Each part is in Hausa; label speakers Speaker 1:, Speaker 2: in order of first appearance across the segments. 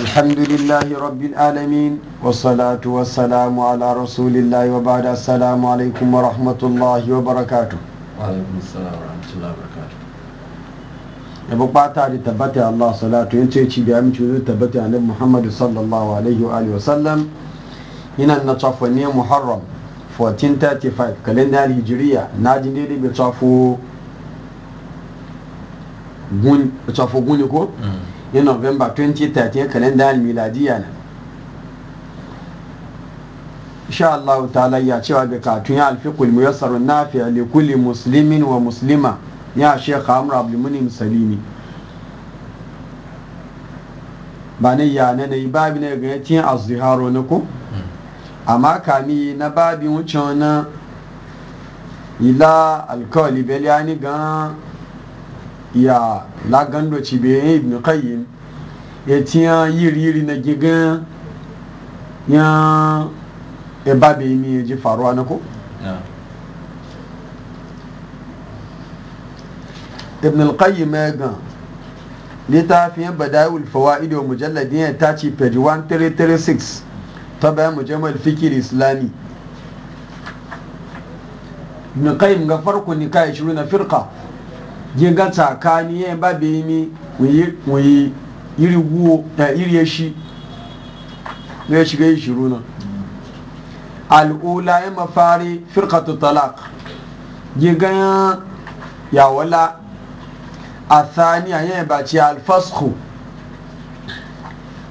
Speaker 1: الحمد لله رب العالمين والصلاة والسلام على رسول الله وبعد السلام عليكم ورحمة الله وبركاته
Speaker 2: وعليكم السلام ورحمة الله وبركاته
Speaker 1: yabo bata da tabbata Allah salatu yin ce ci da amince zai tabbata annabi Muhammad sallallahu alaihi wa alihi wasallam ina na tsafo ne Muharram 1435 kalendar Hijriya na ji daidai bai tsafo gun ko mm. ya november 2013 kalendar miladiya na insha Allah ta'ala ya cewa bi katun ya tsaron muyassar nafi li kulli musulmin wa musulma, ya sheikh amr abdul munim salimi ba ne ya nana yi babi ne ga tin azharo na ku. amma kami na babi wucin na ila alkawali beliyani gan ya lagando ci bai e ibn qayyim ya e tiya yiri yiri na gigan ya e ba mi e ya ji faruwa na ibn al-qayyim ya gan littafin fawaid wa mujalladin ya tace page 1336 ta bayan mujammal fikir islami ibn qayyim ga farko ni kai shiru na firqa jiga tsakani yin ba bai mi wuyi iri guwo da eh, iri ya na shiga yi al'ula ya fari firkatu talak jiga ya a saniya yin ba ce alfasko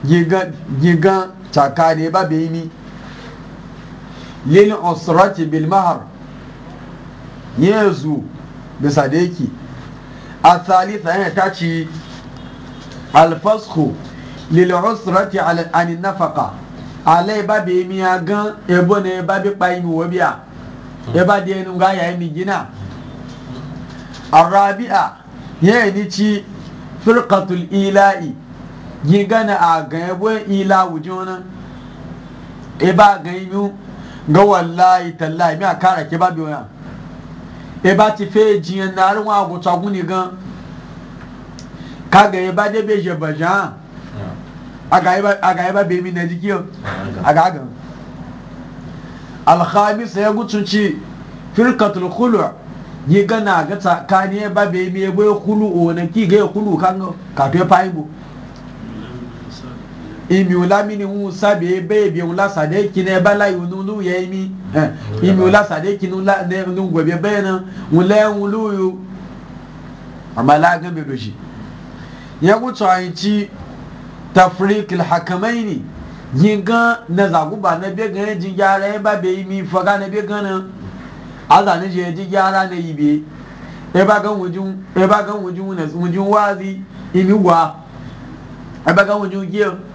Speaker 1: gigan ba bai mi lil usrati bil bilmahar yanzu da الثالثة هنا تاتي الفسخ للعسرة عن النفقة على باب مياغان ابن باب قايم وبيا يبا دينو غايا ميجنا الرابعة يعني تي فرقة الإيلاء جيغانا آغان ابن إيلاء وجونا ابا غايمو ga wallahi tallahi mi a kara ke babu wani eba ti fe jiyan naari wọn agutọ guni gan kaga eba de be jebajan aga eba be mi na jiki aga gan alhamis ya gutunci firkatul khulu yi gana ga tsakani eba be mi ebo ya khulu o na ki ga ya kan ka to ya fahimu imiula mini ŋun sabe beebi ŋun sade kine bala yu nunu ye imi eh, imiula sade kine la ne ŋun gobe bena ŋun lɛ ŋun luyu ama la gan be doji yagu tɔ anyi ci tafrik alhakamaini yingan na zaguba na be gan jinjara ye ba be imi faga na be gan na aza ne je jinjara na ibe e ba gan wujun e ba gan wujun na wujun wazi imi wa e ba gan wujun giyo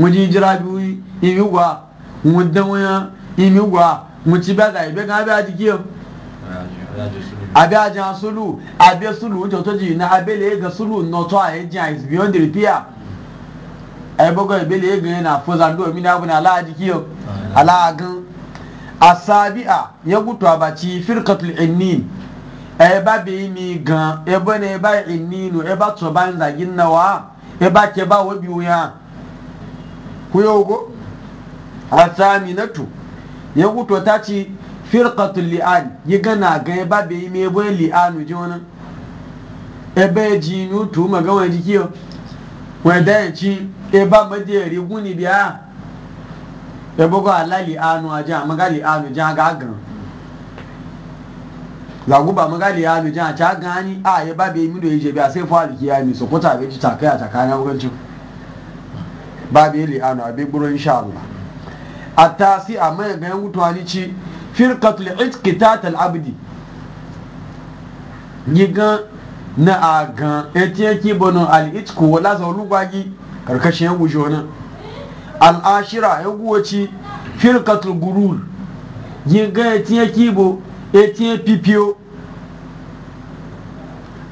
Speaker 1: wọ́n jíjìrá bí imi wà wọ́n dẹ́wọ́n imi wà wọ́n ti bẹ́ẹ̀ láì bẹ́ẹ̀ kan abẹ́ àti kíyọ̀ abẹ́ ajá sulu abẹ́ sulu wọ́n tó tó jì ní abẹ́lẹ̀ ẹ̀gàn sulu nọ́tọ́ àyẹ̀jìn àìsí beyond repair ẹ̀bọ́gọ́ ìbẹ́lẹ̀ na yẹn náà fọ́sà ńdó omi náà bọ́ni ya gutu abaci firqatul innin ẹ̀ẹ́bá bẹ́ẹ̀ gan ebe e e na ebe ẹ̀ẹ́bá tọ́ba ń zàgin kuyogo asaminatu ya kuto ta ci firqatul li'an yi gana ga ya ba bai me boye li'anu ji wani ebe ji nutu tu ma wani jikiyo wani da ci e ba madiyar riguni biya ya bugu ala li'anu a jan maga li'anu jan ga gan zagu ba maga li'anu jan a ca gani a ya ba bai yi da ya je biya sai da alkiya mi sokota bai ci takaya takaya na cin babu yeli ano a beburo insha Allah a tasi a mai ga yan mutuwa ni ci firqatul itqitatul abdi ni ga na a ga etiye ki bono al itqu wala za lugwagi karkashin yan wujo na al ashira yan guwaci firqatul gurur ni ga etiye ki bo etiye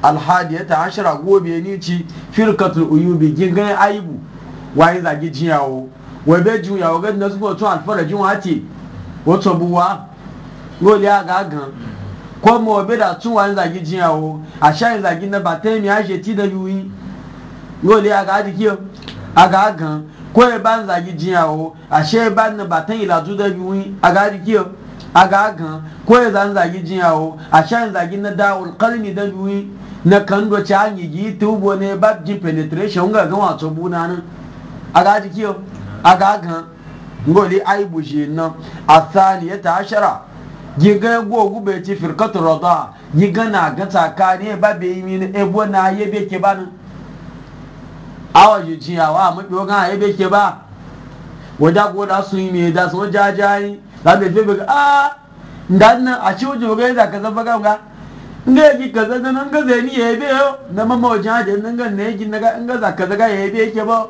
Speaker 1: al hadiyata ashira gobe ni ci firqatul uyubi gingan aibu waye zagi jiyawo wai bai juyawo gadi na suko tun alfarajin wace wato buwa lórí àgàgàn kọ́ mọ ọbẹ̀ dà tún wà ń zàgí o àṣà ìzàgí náà bàtẹ́ mi á ṣe tw lórí àgàdìkí àgàgàn kọ́ ẹ bá ń zàgí o àṣà ẹ bá ń bàtẹ́ ìlàjú w àgàdìkí àgàgàn kọ́ ẹ zà ń zàgí o àṣà ìzàgí náà dá olùkárí mi w na kan doce an yi yi tubo ne ba ji penetration ga gan wato buna nan aga jiki yau aga gan ngoli ay buji nan asaniya ta ashara giga gogu gube ti firkatu rada giga na ga tsakani ba be yi ni ebo na be ke ba nan awa ji jiyawa mafi wagan be ke ba wadda go da sun yi da sun jajayi da be be ga a dan na a ciwo jiwo gai da ka zaba ga nga yi ka zaba nan ga zai ye be yo na mamawajen hajji nan ga na yi gina ga in ga za ka zaga be ke ba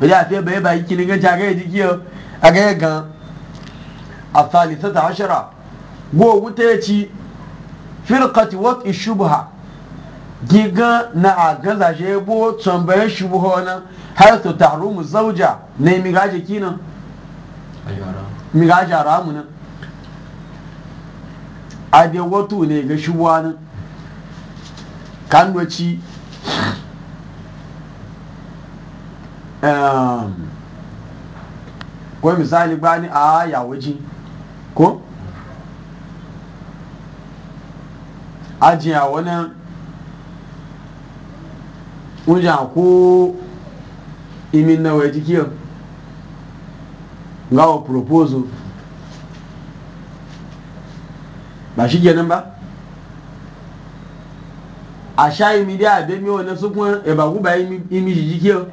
Speaker 1: wajen a fiye bayan bayan kilin ganci a gaya jikiyo a gaya gan a salisa ta hashara go wuta ya ci firkati wat ishubha giga na a gaza shi ya bo tambayen shubha nan har su taru mu zauja na yi migaji kinan migaji a ramu nan a dai wato ga shubha ko misali gbani a yawaji ko ajiya wani wujan ko imin na waje kiyon gawa proposal ba shi kenan ba a sha imi dai a bemi wani sukun ebagu ba imi jiji kiyon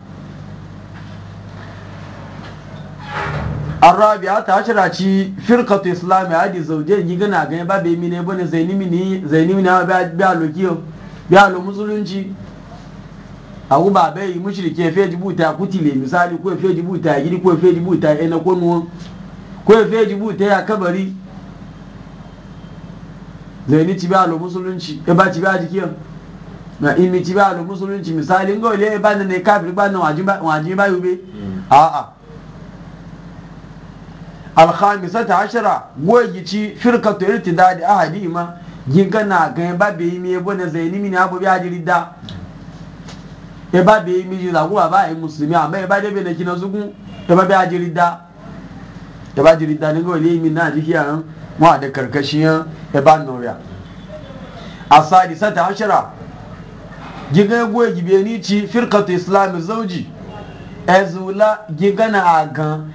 Speaker 1: arabiya ta shira ci firkatu islami hadi zauje yi gana ganye ba bai mine bane zaini mini zaini mini ba biya lokiyo biya lo musulunci a guba bai mushrike fe jibuta kutile misali ko fe jibuta gidi ko fe jibuta ina ko nuwo ko fe jibuta ya kabari zaini ci biya lo musulunci e ba ci biya jikiyo lo musulunci misali ngole ba ne kafir ba na alhamisata ashira goyici firkatu irtidadi ahadima gigana ga eba beyi mi ebo na zaini mini abu bi ajiri da eba beyi mi jira ko baba ai muslimi amma eba de be na kina zugu eba bi ajiri da eba jiri da ni go le mi na jiki an wa da karkashin eba noya asadi sata ashira zauji ezula gigana a gan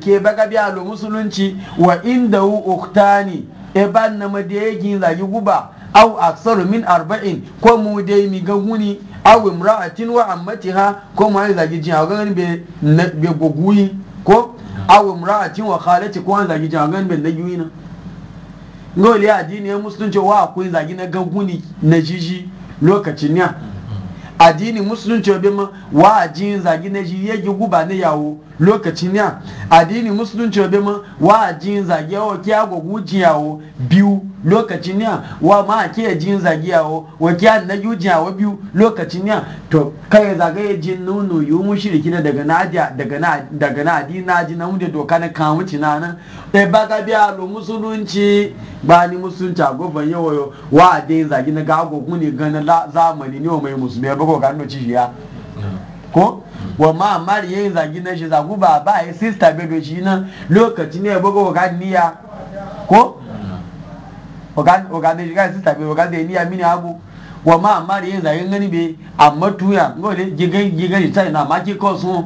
Speaker 1: ke baka bi alo musulunci wa inda hu uktani e ban na za yi guba au aksaru min arba'in ko mu dai mi ga guni au imra'atin wa ammatiha ko mu ai zagi jin hagan be be goguyi ko au imra'atin wa khalati ko an zagi jin hagan be da yuina ngoli adini ya musulunci wa akwai zagi na ga guni na jiji lokacin ya addini musulunci obin ma wa ajin zagi na shi yegi guba na yawo lokaci niya addini musulunci obe ma wa jin zagiyawo kiya go jiyawo biyu lokaci niya wa ma ke jin zagiyawo wa kiya na jiyawo biyu lokaci niya to kai e zagaye jin nunu yi mushriki na daga nadiya daga na daga na addini na ji na mu da doka na kan wuce na nan e ba ga biya lo musulunci ba ni musulunci agoban yawo wa jin zagi na gago kuni ganin zamani ne mai musulmi e ba ko ga no ci ya ko wa ma mari yayi zagi na shi zagu ba ba ya sista bebe shi nan lokaci ne ya buga wa niya ko ogane ne ga sista bebe de niya mini abu wa ma mari yayi zagi ngani be amma tuya ngole gigan gigan ta na ma ki kosu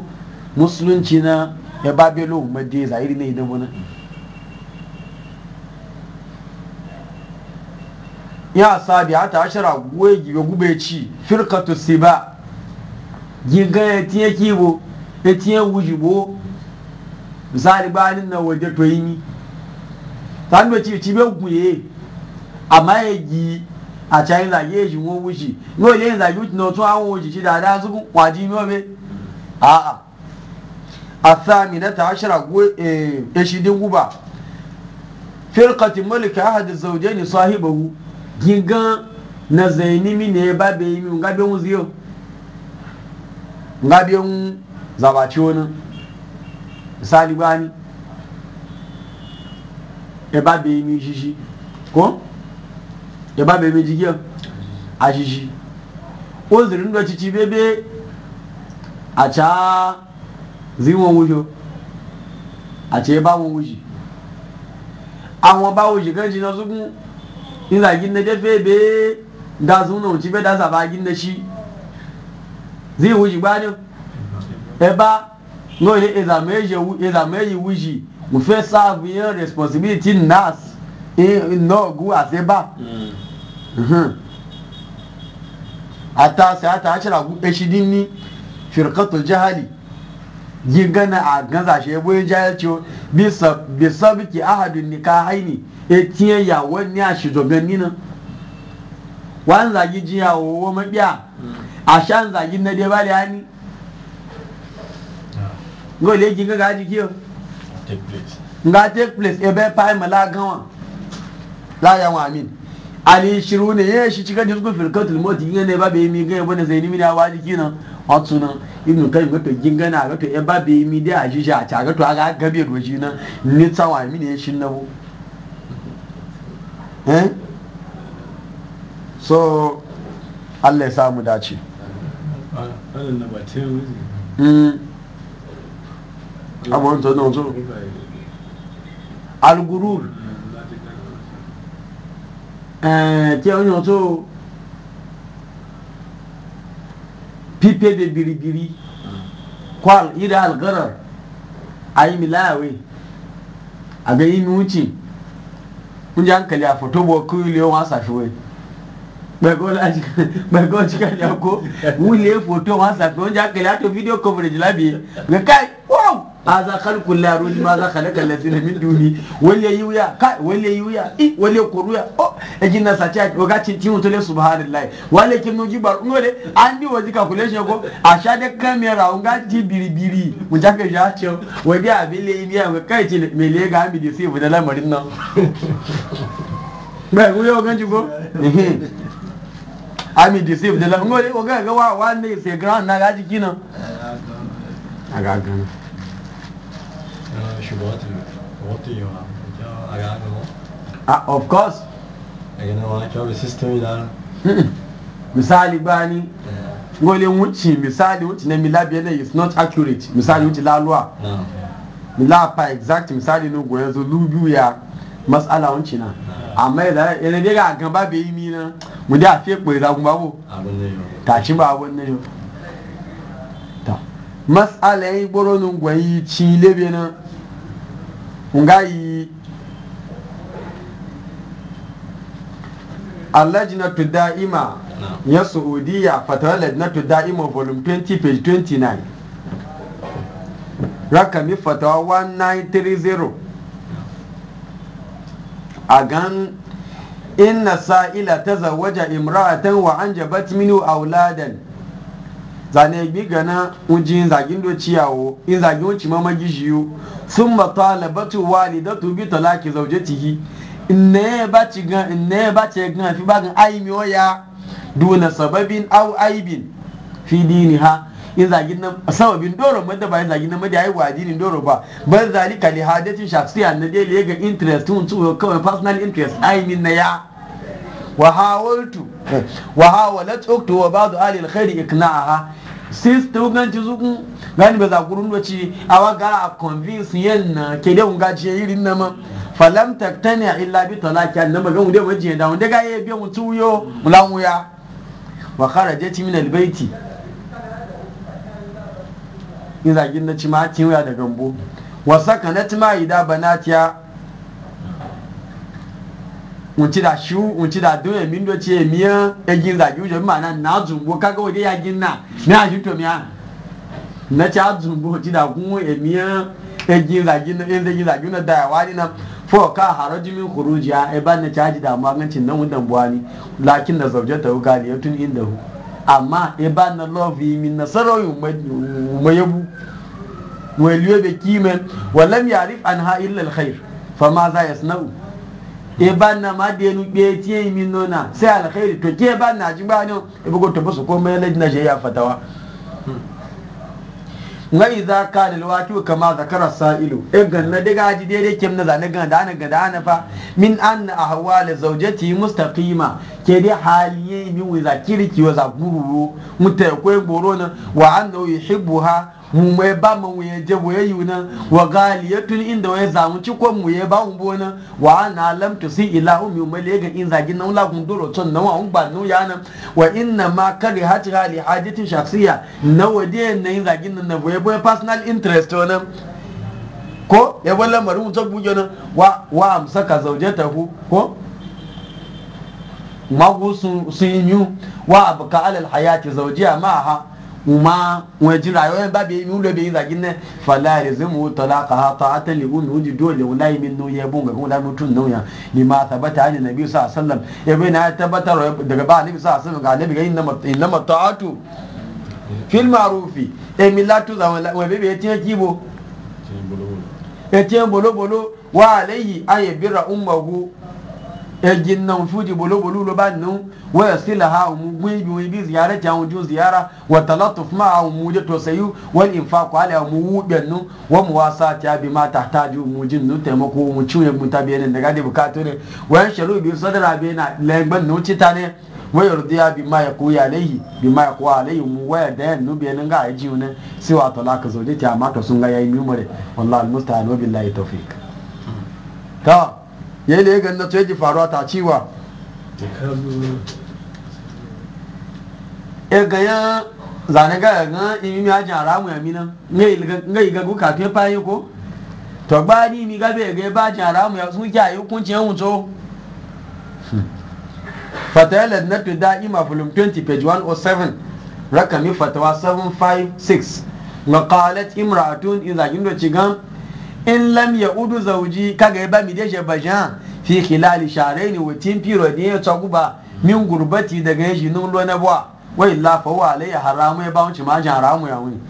Speaker 1: musulunci na ya ma de zairi ne idan wani ya sabi hata ashara gube gube ci firkatu siba jiga ya tiye kibo ya e tiye wujibo misali bayanin na waje to yi ni ta nuna ci ci bai guye amma ya gi a cayin zage shi wo wuji ni waje yin zage wuji na otu awon wuji shi da da su kwaji ni wabe a'a a sami na ta ashira e, e shi din guba firkati mulka ahadi zauje ne sahibahu gigan na zainimi ne ba bai yi min gabe wuziyo nga biyan zabaci wani misali bani ya ba e bai mi shishi ko ya e ba bai mi jigiyar a shishi ko zirin da cici bebe a ca ziwon wujo a ce ba wọn wuji àwọn bá wuji kan na zugun ina gina jefe be da zuna wuci be da zaba gina shi Zi wuji gbanin eba no ile ezameji wuji mo fẹ́ serve yẹn responsibility nas. E no gu e mm. uhm. Ata se ata àtàṣe gu ẹṣidí e ní firkatul jahali yi gana a ganza shi ebo e jahilci bi sabiki ahadun nikahaini etiye yawon ni a shidogan nina wanzagi jiya wo mabiya mm. a shan zagin na dai ba da yani ngo le ga ji kiyo nga take place e bai pa e mala gawa la ya wa amin ali shiru ne ya shi cika jisku firkatul mot jinga ne ba be mi ga yabo ne zaini mi na waji kinan watu nan ibnu kai ga to jinga na ga to e ba be mi a aji ja ta ga to aga gabe do shi nan ni tsawa mi ne shin nabo eh so Allah ya samu dace
Speaker 2: àwọn tó náà tó
Speaker 1: alugurur tí ó yàn tó pípé de biribiri hmm. kwal ida algarar ayi milawe a ga yi nuci kun ji hankali a fito bo kuyulewa sashi wai psychological ya ko wuli wule photo whatsapp don ja kala to video coverage labi ga kai wow hadha khalqul la ruhi ma za khalaqa allazina min duni wale yiwu ya kai wale yiwu ya i wale koruya oh ejin na sace o ga cin tinu tole subhanallahi wale kin nuji bar ngole an di waji calculation ko a sha da camera on ga ji biribiri mu ja ka ja ce wadi abile biya ga kai ci me le ga mi di sai bu da lamarin nan ba ku yau ganji ko ami deceive de la ngo o ga ga wa wa ne se gran na ga jiki nan aga gan shubat what yo are aga gan ah of course aga eh. na wa cho be system da misali bani ngole wuci misali wuci na milabi ne is not accurate misali wuci lalwa mi la pa exact misali no go enzo lu lubu ya masala wọn kyina ama yɛ dara yɛn de ka gamba bɛ yi mi na mo de afi ekpere la kunba wo taakyi ba awɔ ne yɔ ta masala yi gboro nu ngwa yi kyi lebe na nga yi alajina to da ima nyɛ saudiya fatawa lajina to da ima volume twenty page twenty nine rakami fatawa one nine three zero. a gan inna sa'ila ta zawaja imra'atan wa an jabat minu auladan zane bi gana uji zagin do ciyawo in zagin wuce mama gishiyu sun talabatu walidatu bi talaki zaujatihi inna ba ci gan inna ba ci gan fi ba gan ayi duna sababin au aibin fi diniha in zagin nan sababin doro madda ba in zagin nan madda yayi wajinin doro ba bar zalika li hadatin shakhsiyya na dai le ga interest tun tun kawai personal interest ai min na ya wa hawaltu wa hawalat uktu wa ba'd ahli alkhair ha? sis to gan ci zuku gani ba za ku rundo ci awa ga a convince yan na ke da un gaje irin na ma falam taktani illa bi talaki an ma gan ya waje da wanda ga ye biyan tuyo mulawuya wa kharajat min albayti in zagin na ci ma kin wuya da gambo wasa ka na ci ma ida banatiya wunci da shi unci da don yamin do ce miya gin zagi wuce ma na na zumbo kaga waje gin na na shi to miya na ci a zumbo ci da kuma miya gin zagi na yin zagi zagi na da yawa na fo ka haraji min khurujiya e ban na caji da maganci nan wudan buwani lakin da zaujata ga ne tun inda hu amma e ba na love yi min nasarar umayebu waliyo da kimen walam yarif an ha illa alkhair fa ma za yasna'u e ba na ma da yanu be tiye min nona sai alkhairi to ke ba na ji ba ne e bugo to ba su komai lajina shi ya fatawa hmm. wani za ka lalwaki kama zakara sa'ilu igan e na daga ji daidai kem na zane gana da ana gada ana fa min an na a hawa da musta kima ke dai haliye min wiza kirki wa za gururu mutai goro nan wa an na yuhibbuha mu mai ba mu ya je wa yayu nan wa galiyatun inda wai zamu ci ko mu ya ba mu bona wa ana lam tusi ilahu mi mai ga in zagin nan la kun duro ton nan wa ba nu ya nan wa inna ma kari hali li hajatin shakhsiya na wade nan zagin nan na boye personal interest na. ko ya bar lamarin wutar buge nan wa wa amsaka zaujata ku ko magu sun yi wa ka alal hayati zaujiya ma ha ma wọn jin rayuwa yan babi yi ulo bai zagin ne fala ya zai mu tala ka ha ta atan li unu ji dole wala yi min nuye bun ga kuma da mutun nauya ni ma tabbata ne nabi na alaihi wasallam ya bai na tabbatar daga ba nabi sallallahu alaihi wasallam ga nabi ga inna inna ta'atu fil ma'rufi e millatu za wa bebe ya tiyan kibo ya tiyan bolo bolo wa alayhi umma ummahu ejin nan fuji bolo bolo lo ba nan wa yasila ha mu gwi gwi bi ziyara ta mu ziyara wa talatuf ma mu je to sayu wal infaqu ala mu wuben nan wa muwasa ta bi ma tahtaju mu jin nu taimako mu ciwe mu tabiyan daga da bukatu ne wa sharu bi sadra bi na lagban nu cita ne wa yardiya bi ma yakuya alayhi bi ma yakuwa alayhi mu wa da nu bi nan ga ji ne sai wa talaka zo ta amma to sun ga yayi mu mare wallahi almusta'an wa billahi tawfiq hmm. ta ya yi gan na tsoye ji faruwa ta ciwa e ganyan zane ga ga imi mi ajin aramu ya mina nga yi gagu kafin fayi ko to ba ni mi gabe ga ba ajin aramu ya sun kya yi hukunci yan wuto oh fatawa ladnatu da'ima fulum 20 page 107 rakami fatawa 756 na qalat imra'atun in zagin do in lam ya udu zauji kaga ya ba mi da shabajan fi khilali sharaini wa tin piro ne ya ba min gurbati daga yaji nun lo na bwa wa illa fa wa alayya haramu ya ba wanci ma jan haramu ya wuni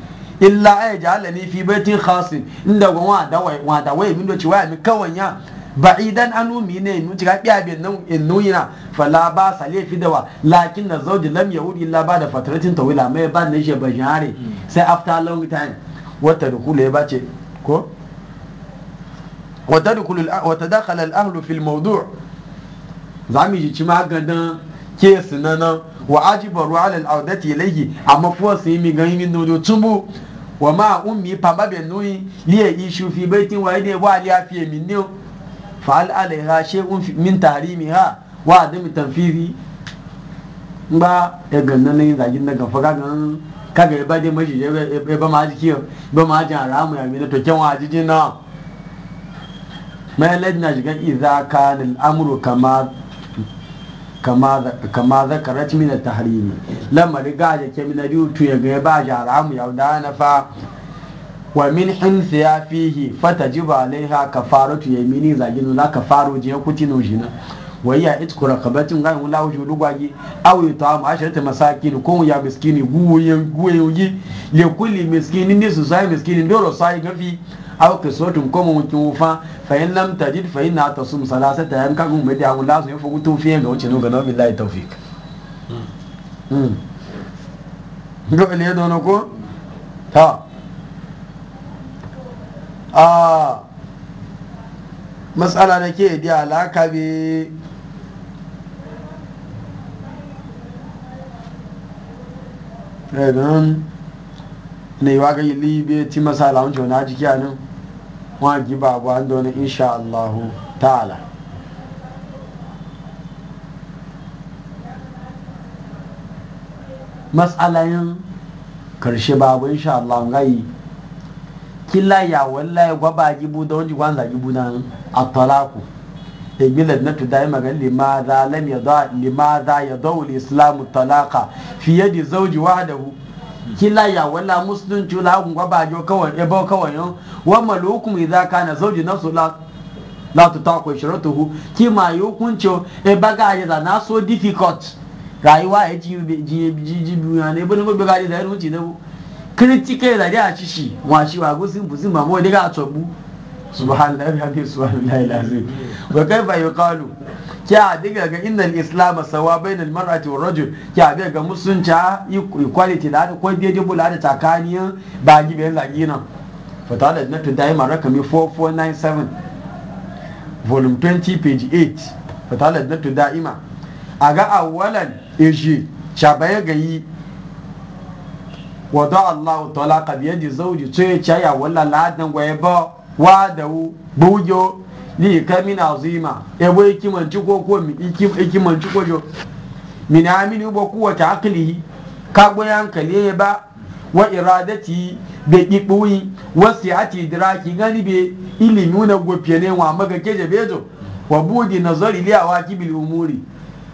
Speaker 1: illa ay jalani fi baitin khasin inda gwan wa da wai wa da wai min do ci wa mi ya ba'idan anu mi ne nu ci ga biya bin nan in nuyina fala ba sale fi dawa lakin na zauji lam udu illa ba da fatratin tawila mai ba ne shabajan sai after long time wata kula ya bace ko wata dakala al'ahlu fil maudu za mu ji ma gandan kesi na nan wa ajibar ruwa alal audati ilayhi amma fuwa su yi mi ganin nudu tubu wa ma ummi pamba be nui liye ishu fi baitin wa ide wa ali afi min ne fa al alaiha shay'un min tahrimiha wa adam tanfizi ba e ganna ne da gin daga faga gan kaga ba de maji e ba ma ji kiyo ba ma ji haramu ya mi to kyan wa na mai na shiga iza kanin amuru kama kama zakarat min tahrimi lamari ga ya ke biyu rutu ya gaya ba jaramu ya da na fa wa min su ya fihi fatajibu alaiha kafaratu yamini za ka kafaru je kutinu jina wayya itku raqabatin ga wala wujudu gwagi aw yutam asharata masakin ko ya miskini guwe yi le kulli miskini ne su sai miskini doro sai gafi aw ke kisotun ko mun tun fa fa in lam tajid fa inna tasum salasata yan kagun mai da mun lasu yafu tun fi ga wuce ga gano billahi tawfik hmm mm ele do no ko ta a ah. mas'ala da ke di alaka bi ɗagan ne wa ga yi bai ti masala wancan wani ajiki nan wọn ji babu an doni insha allahu ta'ala matsalayin karshe babu insha allahu gayi kila ya wallahi gwaba gibu da wani kwanza gibu nan a talaku gilad na e tudai magana limaza lam ya limaza ya dawo islamu talaka fiye da zauji wahdahu kila ya wala musulunci la hukun kwa bajo kawai ebo kawai yau wa malukum idza kana zawji nafsu la la tu taqwa sharatuhu ki ma yukunci e baga ya na so difficult rayuwa ya ji ji ji biya ne bani gobe ga da ruci da bu kritike da ya ci shi wa shi wa gusin buzin ma mo daga tobu subhanallahi wa bihamdihi subhanallahi alazim wa kaifa yuqalu kya diga ga inna al islam sawa bainal mar'ati war rajul kya diga ga musunta equality da ko daidai bula da takaniya ba gi bayan zagi nan ta da na dai ma rakami 4497 volume 20 page 8 fa ta da na tudai ma a ga awalan eji cha shabaya gayi wada Allah talaka biyar da zauji tsoye ya wala ladan gwaye ba wadawu bujo li kamin azima ebo ikimanci ko ko ikimanci ko jo min amini bo kuwa ta aklihi ka goya hankali ya ba wa iradati be kibuyi wa siati idraki gani be ilimi na gofiye ne wa maga keje bezo wa budi nazari li awaki bil umuri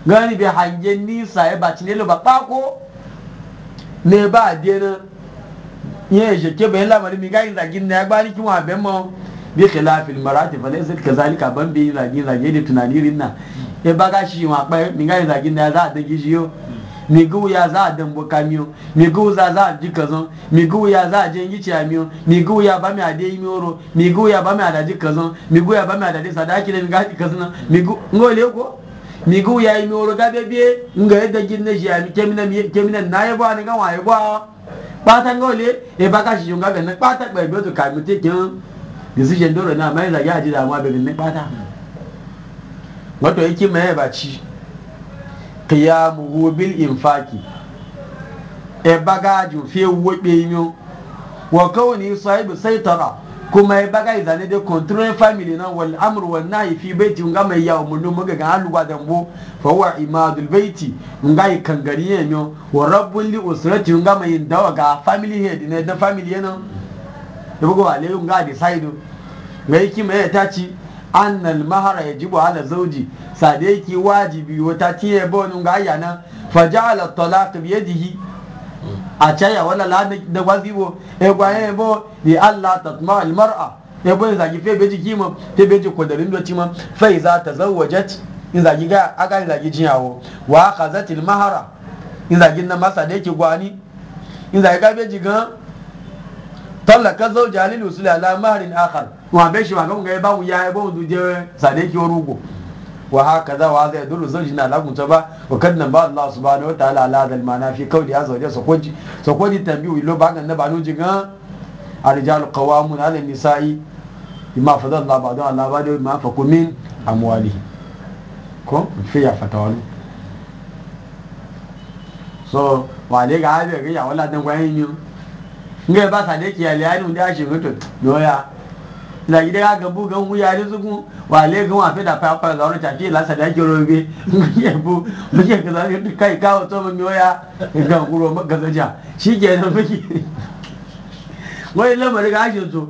Speaker 1: gani be hangen nisa ya baci ne ba pako ne ba de na ye je ke be la mari mi ga inda gin na gba ni ki wa be mo bi khilafil marati fa laysa kazalika ban bi zagi zagi da tunani rinna e baga shi ma pa ni ga zagi na za da gishi yo mi gu ya za da mbo kamiyo mi gu za za ji kazon mi gu ya za je ngi ci amiyo mi gu ya ba mi ade mi oro mi gu ya ba mi ada ji kazon mi gu ya ba mi ada de sadaki ne mi ga ji kazon mi gu ngole ko mi gu ya mi oro ga be be nga e da gin ne ji ami kemina mi kemina na ye ba ni ga wa ye ba pátá e baga shi yo ga na pátá to te kin decision dole na mai zage aji damuwa bai bin bata wato yake mai ba ci qiyamuhu bil infaki e bagaju fi wobe mi wa kawni sahibu saitara kuma ya e baga zane da control family na wal amru wal nahi fi baiti nga mai yawo mullu muga ga aluwa da mbo fa huwa imadul baiti nga yi kangari yenyo wa rabbul li usrati nga mai dawa ga family head ne da family yana bugu alayhim ga decide mai ta ci? annal mahara yajibu ala zawji sade yake wajibi wata tiye bonun ga yana faja'ala talaq bi yadihi a caya wala la da wazibo e gwaye bo di Allah tatma al mar'a e bo e zagi fe beji kima te beji kodarin do ma fa iza tazawwajat in e zagi ga aga in e zagi jinyawo. wa khazat mahara in zagi na masa da yake gwani in zagi ga beji gan tallaka zauja lil usul ala marin akhar wa bai shi magan ga ba mu ya ba mu je sade ki rugo wa haka za wa zai dulu zauji na lagun ta ba wa kadna ba Allah subhanahu wa ta'ala ala dal mana fi kauli ya zauja sokoji sokoji tambiyu lo ba ganna ba nuji ga arjalu qawamun ala nisa'i bima fadalla Allah ba'da Allah ba'da ma fakumin amwalihi ko fi ya fatawalu so wale ga abe ga ya wala dan gwayin yau nga ba ka deki ya liyani da shi mutun doya da gida ya gabu gan wuya ne zugun wa le gan wa fe da fa fa zaune ta la sa da joro be ngiye bu ngiye ka zaune kai ka wato mun yoya ga guro ma ga zaja shi ke da miki wai ga shi so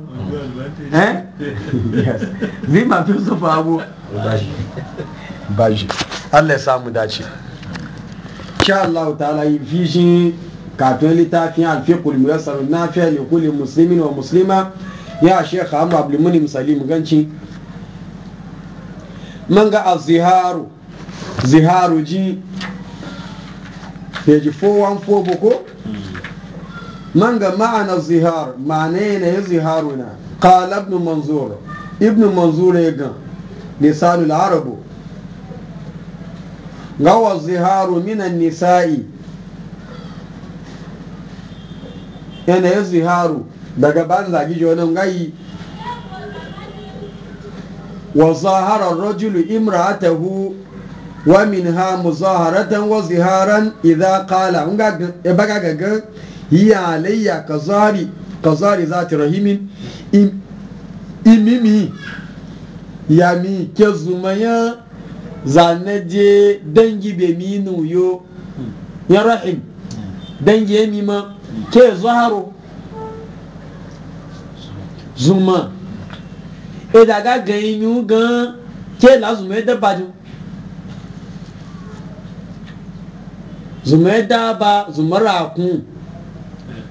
Speaker 2: eh yes
Speaker 1: zai ma fi su fago bashi Allah ya samu dace insha Allah ta'ala yi fi katun littafin alfiqul na fiye li kulli muslimin wa musulma, ya shekha amma abdulmunim salim ganci man ga a ziharu ji page 414 boko man ga ma'ana zihar ma'ana yanayin ziharu na qala ibn manzur ibn manzur ya gan lisanul arabu Gawar ziharu minan nisa'i ene ya ziharu daga ban zagi jonin gayi wa zaharar rajulu imra'atahu wa minha muzaharatan wa ziharan idza qala nga e baga gaga hiya alayya kazari kazari zati rahimin imimi yami ke zumaya zanaje dangi be minu yo ya rahim hmm. dangi ya ke zaharo zuma edaga ganyi mi gan ke la zuma ede baju zuma eda ba zuma rakun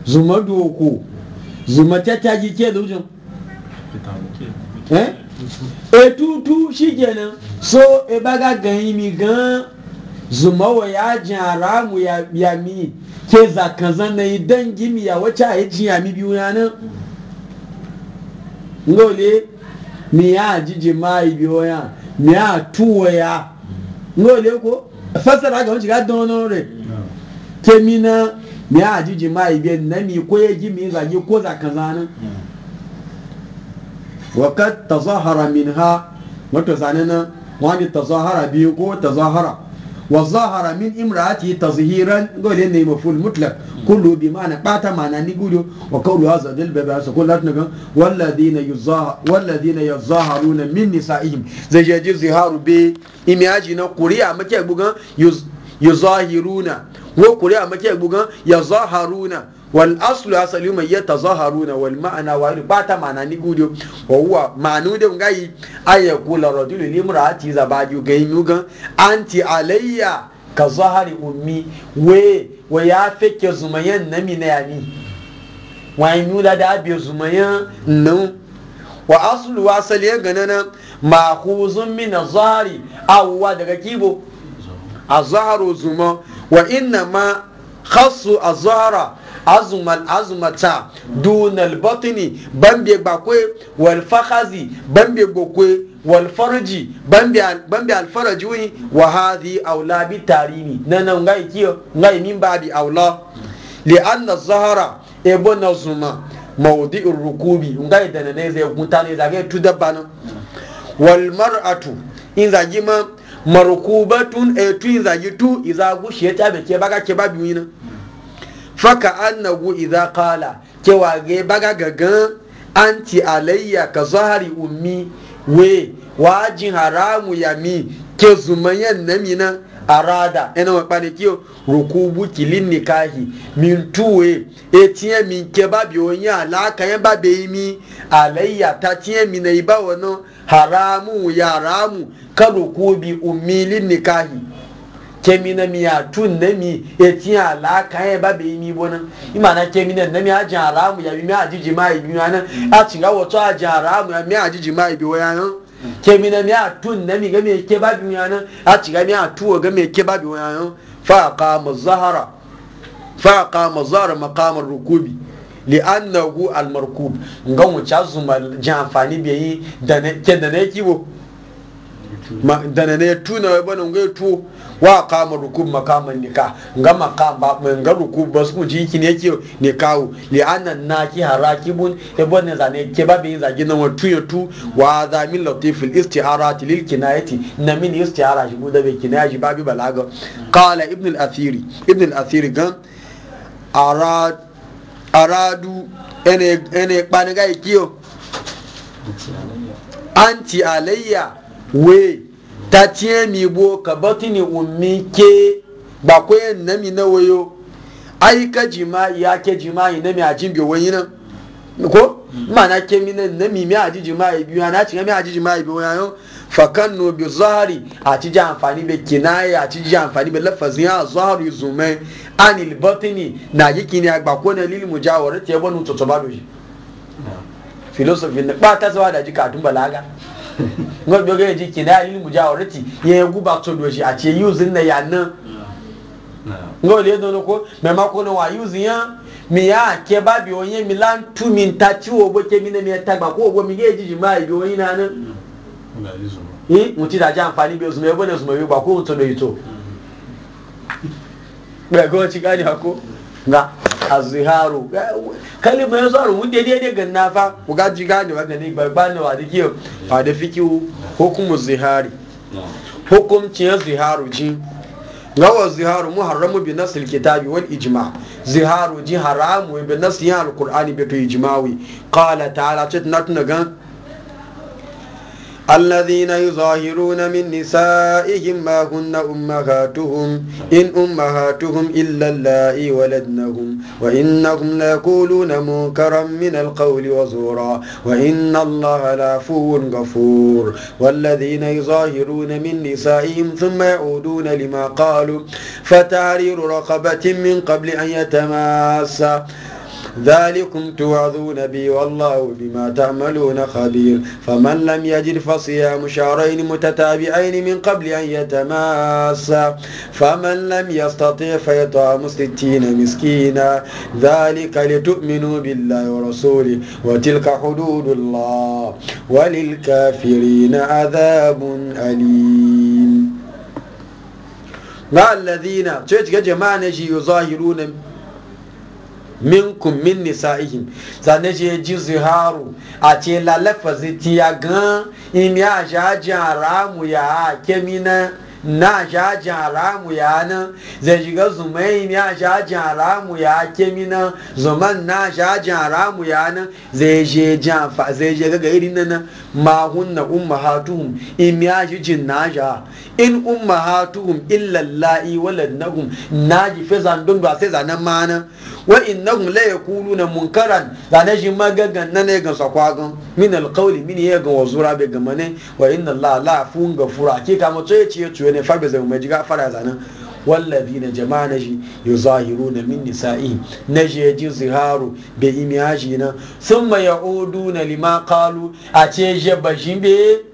Speaker 1: zuma doko zuma tattaji ke da wujin eh etutu shikenan so ebaga ganyi mi gan zuma wa yajin mu ya mi ke za ka zana yi don gimiya wacce a yi jiya mi biyu ya nan ngole mi ya ji yi biyu ya mi ya tuwa ya ngole ko fasara ga wancin don wani wuri ke mi na mi ya ji yi biyu na mi ko ya gimi zage ko za ka zana wakad tazahara min ha wata zane na wani tazahara biyu ko tazahara wa min imrati tazhiran gole ne maful mutlaq kullu bi ma'ana bata ma'ana ni gudu wa qawlu hadha dal baba sa kullu tun ga walladina yuzahar walladina min nisaihim zai je ziharu bi imiyaji na kuriya make bugan yuzahiruna wo kuriya make bugan yazaharuna wal aslu asali mai yata zaharuna wal ma'ana wa ba ta ma'ana ni gudu wa huwa ma'anu da ngai ayya kula rajulu limra'ati zabaju gaimu gan anti alayya ka zahari ummi we wa ya fike zumayen na mi na yami wa nuna da abi zumayen nan wa aslu asali ya na ma khuzun na zahari Awuwa daga kibo a zaharu zuma wa inna ma khasu a zahara azuman azumata dunal batini bambe bakwe wal fakhazi bambe gokwe wal farji bambe alfaraji farji wa hadhi aula bi tarini nana ngai kiyo ngai min babi aula li anna zahara na zuma maudi'ur rukubi ngai da ne zai mutane zage tu dabba nan wal mar'atu in zagi ma marukubatun e tu in zagi tu iza gushe ta be ke baga ke babi wina faka annahu idza qala cewa ga baga gagan anti alayya ka zahari ummi we wajin haramu ya mi ke zumanyan namina arada ina wa kpani kiyo rukubu kilin nikahi min tuwe e tiye min ke babi onye alaka yen imi alayya ta tiye min na iba wano haramu ya haramu ka rukubi ummi lin nikahi kemina na miya tun ne mi ya ala alaka e ba bai mi bona ima na kemi na na mi ajin mu ya bi mi ajiji ma ibi wa nan a ti ga wato ajin mu ya mi ajiji ma ibi wa bi kemi na mi tun ne mi ga mi ke ba bi wana a ti ga mi o ga mi ke ba bi wana fa qama zahara fa qama zahara maqamar rukubi li'annahu al-markub ngan wuce zuma jin amfani bai yi da ne kiwo dana ne tuna wai bana ngai tu wa kama rukub makaman nika Nga makam ba nga rukub ba su ji kin yake ne kawo li anan na ki harakibun e bana zane ke ba za gina nan wato ya tu wa za min latifil istiharati lil kinayati na min istihara shi da bai kinayaji babi balaga qala ibn al athiri ibn al athiri gan arad aradu ene ene kpaniga ikiyo anti alayya we ta ce mi bo ka batini ummi ke ba kwaye nami na wayo ai ka jima'i ya ke jima'i na mi ajin bi wani nan ko na ke mi nan na mi mi aji jima'i biyu na ci mi aji jima'i biyu yayin fakan no bi zahari a ci ji amfani be kinaya a ci ji amfani be lafazin ya zahari zume anil batini na yi kini agba ko na lil mujawarati ya bonu to to ba do shi philosophy na ba ta zawa da ji katun balaga ngo dogo yaji kina ilmu mujawarati ya guba to doji a ce using na yanna ngo le don ko me ma ko no wa using ya mi ya ke ba bi onye mi lan tu mi nta ti wo bo ke mi ne mi ta gba ko wo mi ge jiji ma bi oyin na na eh mo ti da ja àǹfààní bi osun me bo ne osun me gba ko to do yito gbe mm. go ti ga ni ako nga azhiharu kalima ya zuwa rumun dai dai ga nafa ku gaji gane wa gani barban wa da fa da fiki hukumu zihari hukumci ya ziharu ji gawa ziharu muharramu bi nasil kitabi wal ijma ziharu ji haramu bi nasil alqur'ani bi ijmawi qala ta'ala tatna tunagan الذين يظاهرون من نسائهم ما هن أمهاتهم إن أمهاتهم إلا اللائي ولدنهم وإنهم ليقولون منكرا من القول وزورا وإن الله لعفو غفور والذين يظاهرون من نسائهم ثم يعودون لما قالوا فتعرير رقبة من قبل أن يتماسا ذلكم توعظون بي والله بما تعملون خبير فمن لم يجد فصيام شهرين متتابعين من قبل أن يتماسا فمن لم يستطيع فيطعم ستين مسكينا ذلك لتؤمنوا بالله ورسوله وتلك حدود الله وللكافرين عذاب أليم مع الذين تشجع جماعة يظاهرون minkum min nisa'ihim shi ya ji ziharu a ce lalafa ti ya gan in ya jajin ramu ya kemi na na jajin ramu ya nan zai shiga zumai in ya jajin ramu ya kemi na zuman na jajin ramu ya nan zai je jan fa zai je ga irin nan ma hunna ummahatuhum in ya ji jin naja in ummahatuhum illa la'i waladnahum naji fe zandun ba sai zanan mana wa innahum la yaquluna munkaran zanan shi magagan nan ne ga sakwagan min alqawli min ya ga wazura be gamane wa inna allaha la'afun gafura ke kama ce ce ne fa be zai mai jiga fara zanan wallazi na jama'a na shi ya zahiru na min nisa'i na shi ji ziharu da imiyashi na sun ma ya odu na lima kalu a ce shi bashin be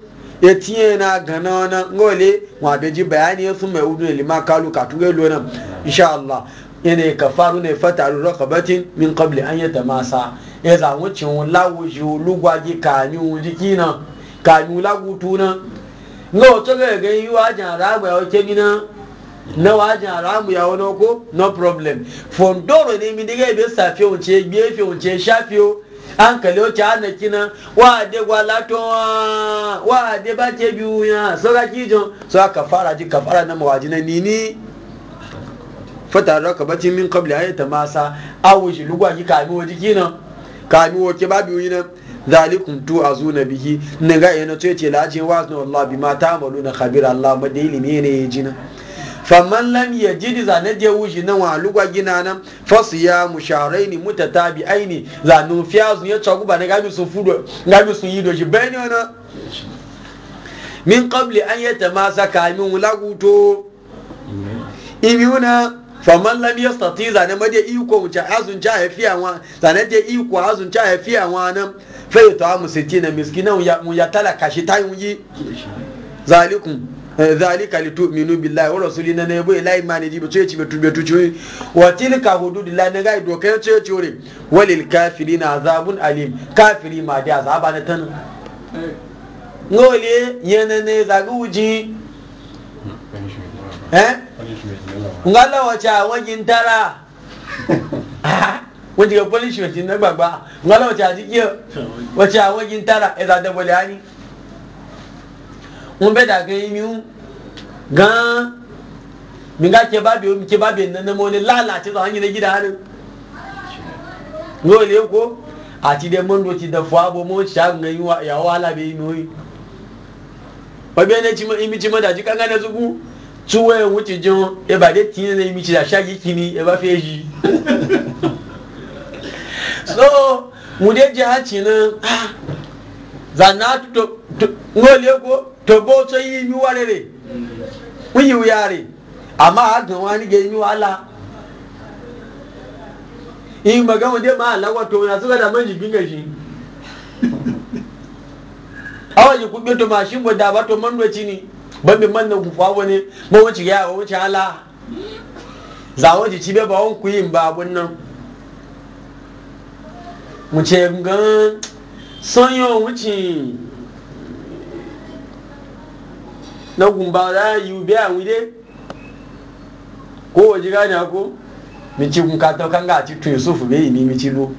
Speaker 1: ya tiye na gana wani ngole wa be ji bayani ya sun ma ya odu na lima kalu ka tuge lona insha Allah yana ka faru ya fata kabatin min kabli an yata masa ya zamu cin lawo shi lugwaji kanyu jikina kanyu lagutu na nga wato ga ga yi wa jan ya wace gina na wajen haramu ya wani ko no problem fondoro ne mi diga ibe safe wuce gefe wuce o an kalli wuce ana kina wa de lato wa de ba ke so ya ki kijon so ka fara ji ka fara na mawaji na nini fatara ka bati min kabli ayyata masa awo ji lugwa ki kami wa jiki nan kami wa ke ba bi yi nan zalikum tu a bihi ne ga yana ce ce lajin wasu na wallah bi ma ta na khabira allah ma da ilimi ne ya faman lam yajid zane je wushi na wa lugwa gina nan fasu ya musharaini mutatabi aini zanu su ya cagu ba na gabi su fudo gabi sun yi bai ne wana min kabli an yi ta masa min wulaguto ibiuna faman lam yastati zane maje iko wuce azun ca ya fiya wa zane je iko azun ca ya fiya wa nan fa yatamu sitina miskinan mu ya talaka shi ta yi zalikun zalika eh, litu'minu billahi wa rasuli na ne boye lai mani ji bace ci betu betu ci wa tilka hududillahi na gai dokai ce ce wore walil kafirina azabun alim kafiri ma da azaba na tan ngole yana ne zaguji
Speaker 2: hmm. eh
Speaker 1: ngala wacha wajin tara ah, wajin punishment na gbagba ngala wacha ji wacha wajin tara e da da bolani wọn bɛ da gan imiu gan mi ka ba bi omi kye ne ti sɔn an n'o le ko a ti dɛ mondo ti dɛ fɔ abo mo sa ŋa yi wa yawo ala bi yi o bɛ ne ti mo imi ti mo da ti ka ne sugu tuwɛ ŋun ti jɔn e ba de ti ne imi ti da sa kini e ba fɛ yi so mu de jɛ a ti na ah zanna to to n'o le ko. togbo tso yi mi wa rere wiyi wuyare amma a gan wani ga yi mi wa ala in magan wande ma alawa to na suka da manji binga shi awa ji kuɓe to mashin ba da ba to ma doci ne ban bi man nan ku fawo ne ma wuce ya wa wuce ala za waje ci bai ba wani kuyin ba abun nan mu ce gan sanyo wuce na gumba za yi ube a wide ko waje gani ako mici kun ka ga ci tun yusufu bai yi mici lo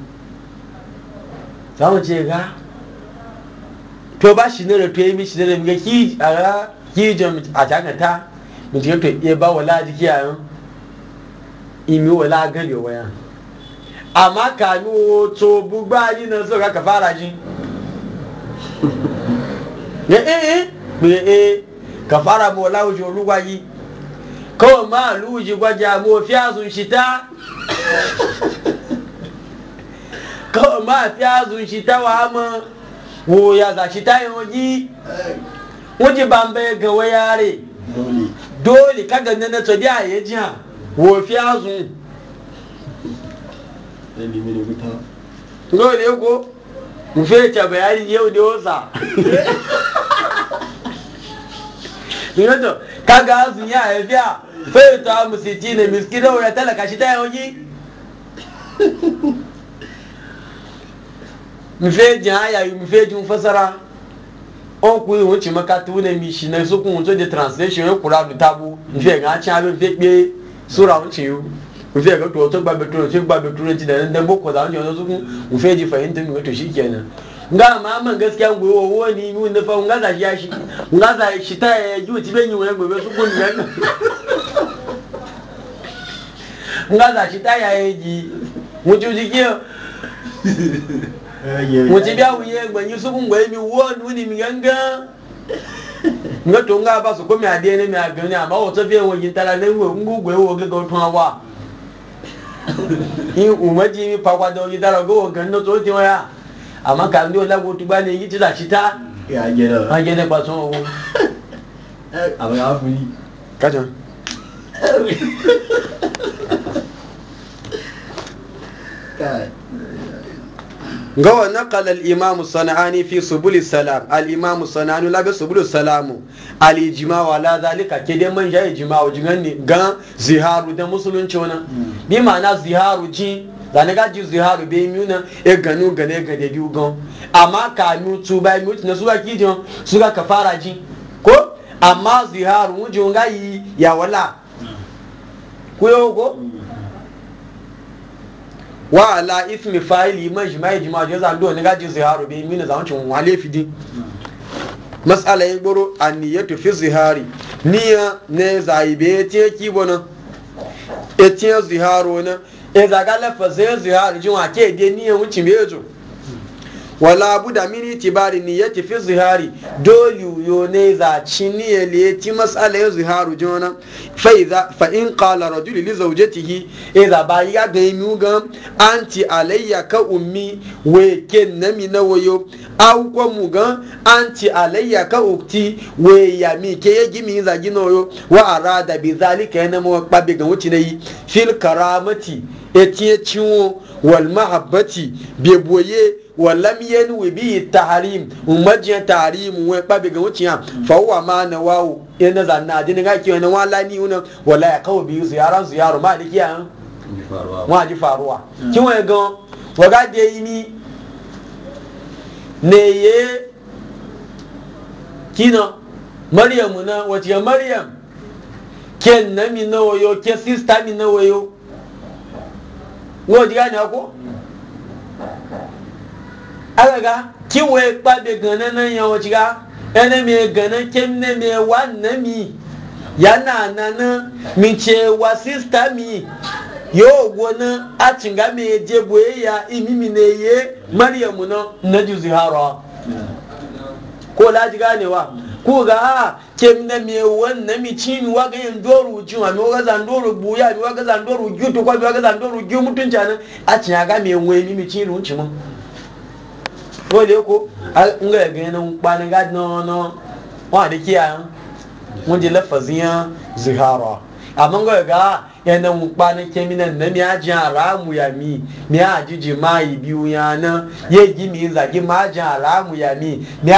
Speaker 1: zamu ce ga to ba shi ne da to yi mi shi ne da ga ki a ga ki jam a taka ta mici to iya ba wala jiki a yan imi wala gari wayan amma kami wato bugba yi na so ka fara jin ya eh eh eh kafara bo lawo jo yi kawo ma luji gwaja bo fiyazun shita kawo ma fiyazun shita wa ma wo ya za shita yoji wuji bambe ga wayare dole kaga nana to dia yeji ha wo fiyazun dole ko mu fece bayani yau da yosa mirato kaga azun ya haifiya a ta musiti ne miski na sukun wuce da fahimta mi shi kenan nga mama gaskiya goyo wo ni mu na fa nga za ya shi nga za ya ju ti benyu ne gobe su kun nan nga za shi ya ji mu ju ji ke mu ti biya wuye gbanyi su kun gwaye mi wo ni mi ganga nga to nga ba su ko mi ade ne mi agbe ne ama wo to fi won yin tala ne wo ngu gwe wo ge go tun wa in umaji mi pa kwa do yi dara go gan no to ti wa ya àmọ́ ká ní ọlágbó tó bá ní eyín títà síta ajẹ́ nípa sán owó. àwọn yàrá fún yìí. kájọ. gawa naqala al-imam sanani fi subul salam al-imam sanani la bi subul salamu al-ijma wa la zalika ke dai man ja ijma wa jingan ne gan ziharu da musulunci wannan bi ma'ana ziharu jin zane ga ji ziharu be na. e ganu gane gade biyu gan amma ka nu tu ba mi na suka ki jon suka kafara ji ko amma ziharu mun ji nga yi ya wala ku yo go wa ala ismi fa'ili man jima'i jima'i ya zan do ne ga ji ziharu be miuna zan cin wale fidi masala yin gboro aniyatu fi zihari niya ne zaibe tiye kibo na etiye ziharo na ezaga lafaza ya zihari jin wake ni niyan wuce mejo wala abuda mini tibari ni yeti fi zihari dole yo ne za chini ele ti masala ya ziharu jona fa iza fa in qala rajul li zawjatihi iza ba ya de mi anti alayya ka ummi we ken na mi na wayo awuko mu gan anti alayya ka ukti we ya mi ke ye gimi za gino yo wa arada bi zalika ina mu pa bi gan wuci nayi fil karamati etiye ciwo wal mahabbati bi boye walam yanwi bi tahrim umajiya tahrim we pa bi gan wuci ya fa huwa ma na wawu ina za na jini ga ki wa la ni una wala ya ka bi ziyaran ziyaru ma dikiya wa ji faruwa Ki wa gan ga de yi ni Neye kina maryamu na wace maryam ken na mi na wayo ke sista mi na wayo wo di gani ako alaga ki we pa be gana na ya wace ga ene mi gana kem ne mi wa na mi yana na na mi ce wa sista mi yóò wọná àtìngá méje bóyá ya imimi na eye mariamu na nàjú zihara kó láti gane wa kó ga a kem na me wannan mi ci mi doru ji wa mi waga zan doru ya mi waga zan doru ju to kwa mi waga zan doru ju mutun jana a ci ga me wai mi mi ci ko nga na ga yana mukpa na kemina na mi aji aramu ya mi mi aji jima'i wu ya na ye gi mi zagi ma aji aramu ya mi mi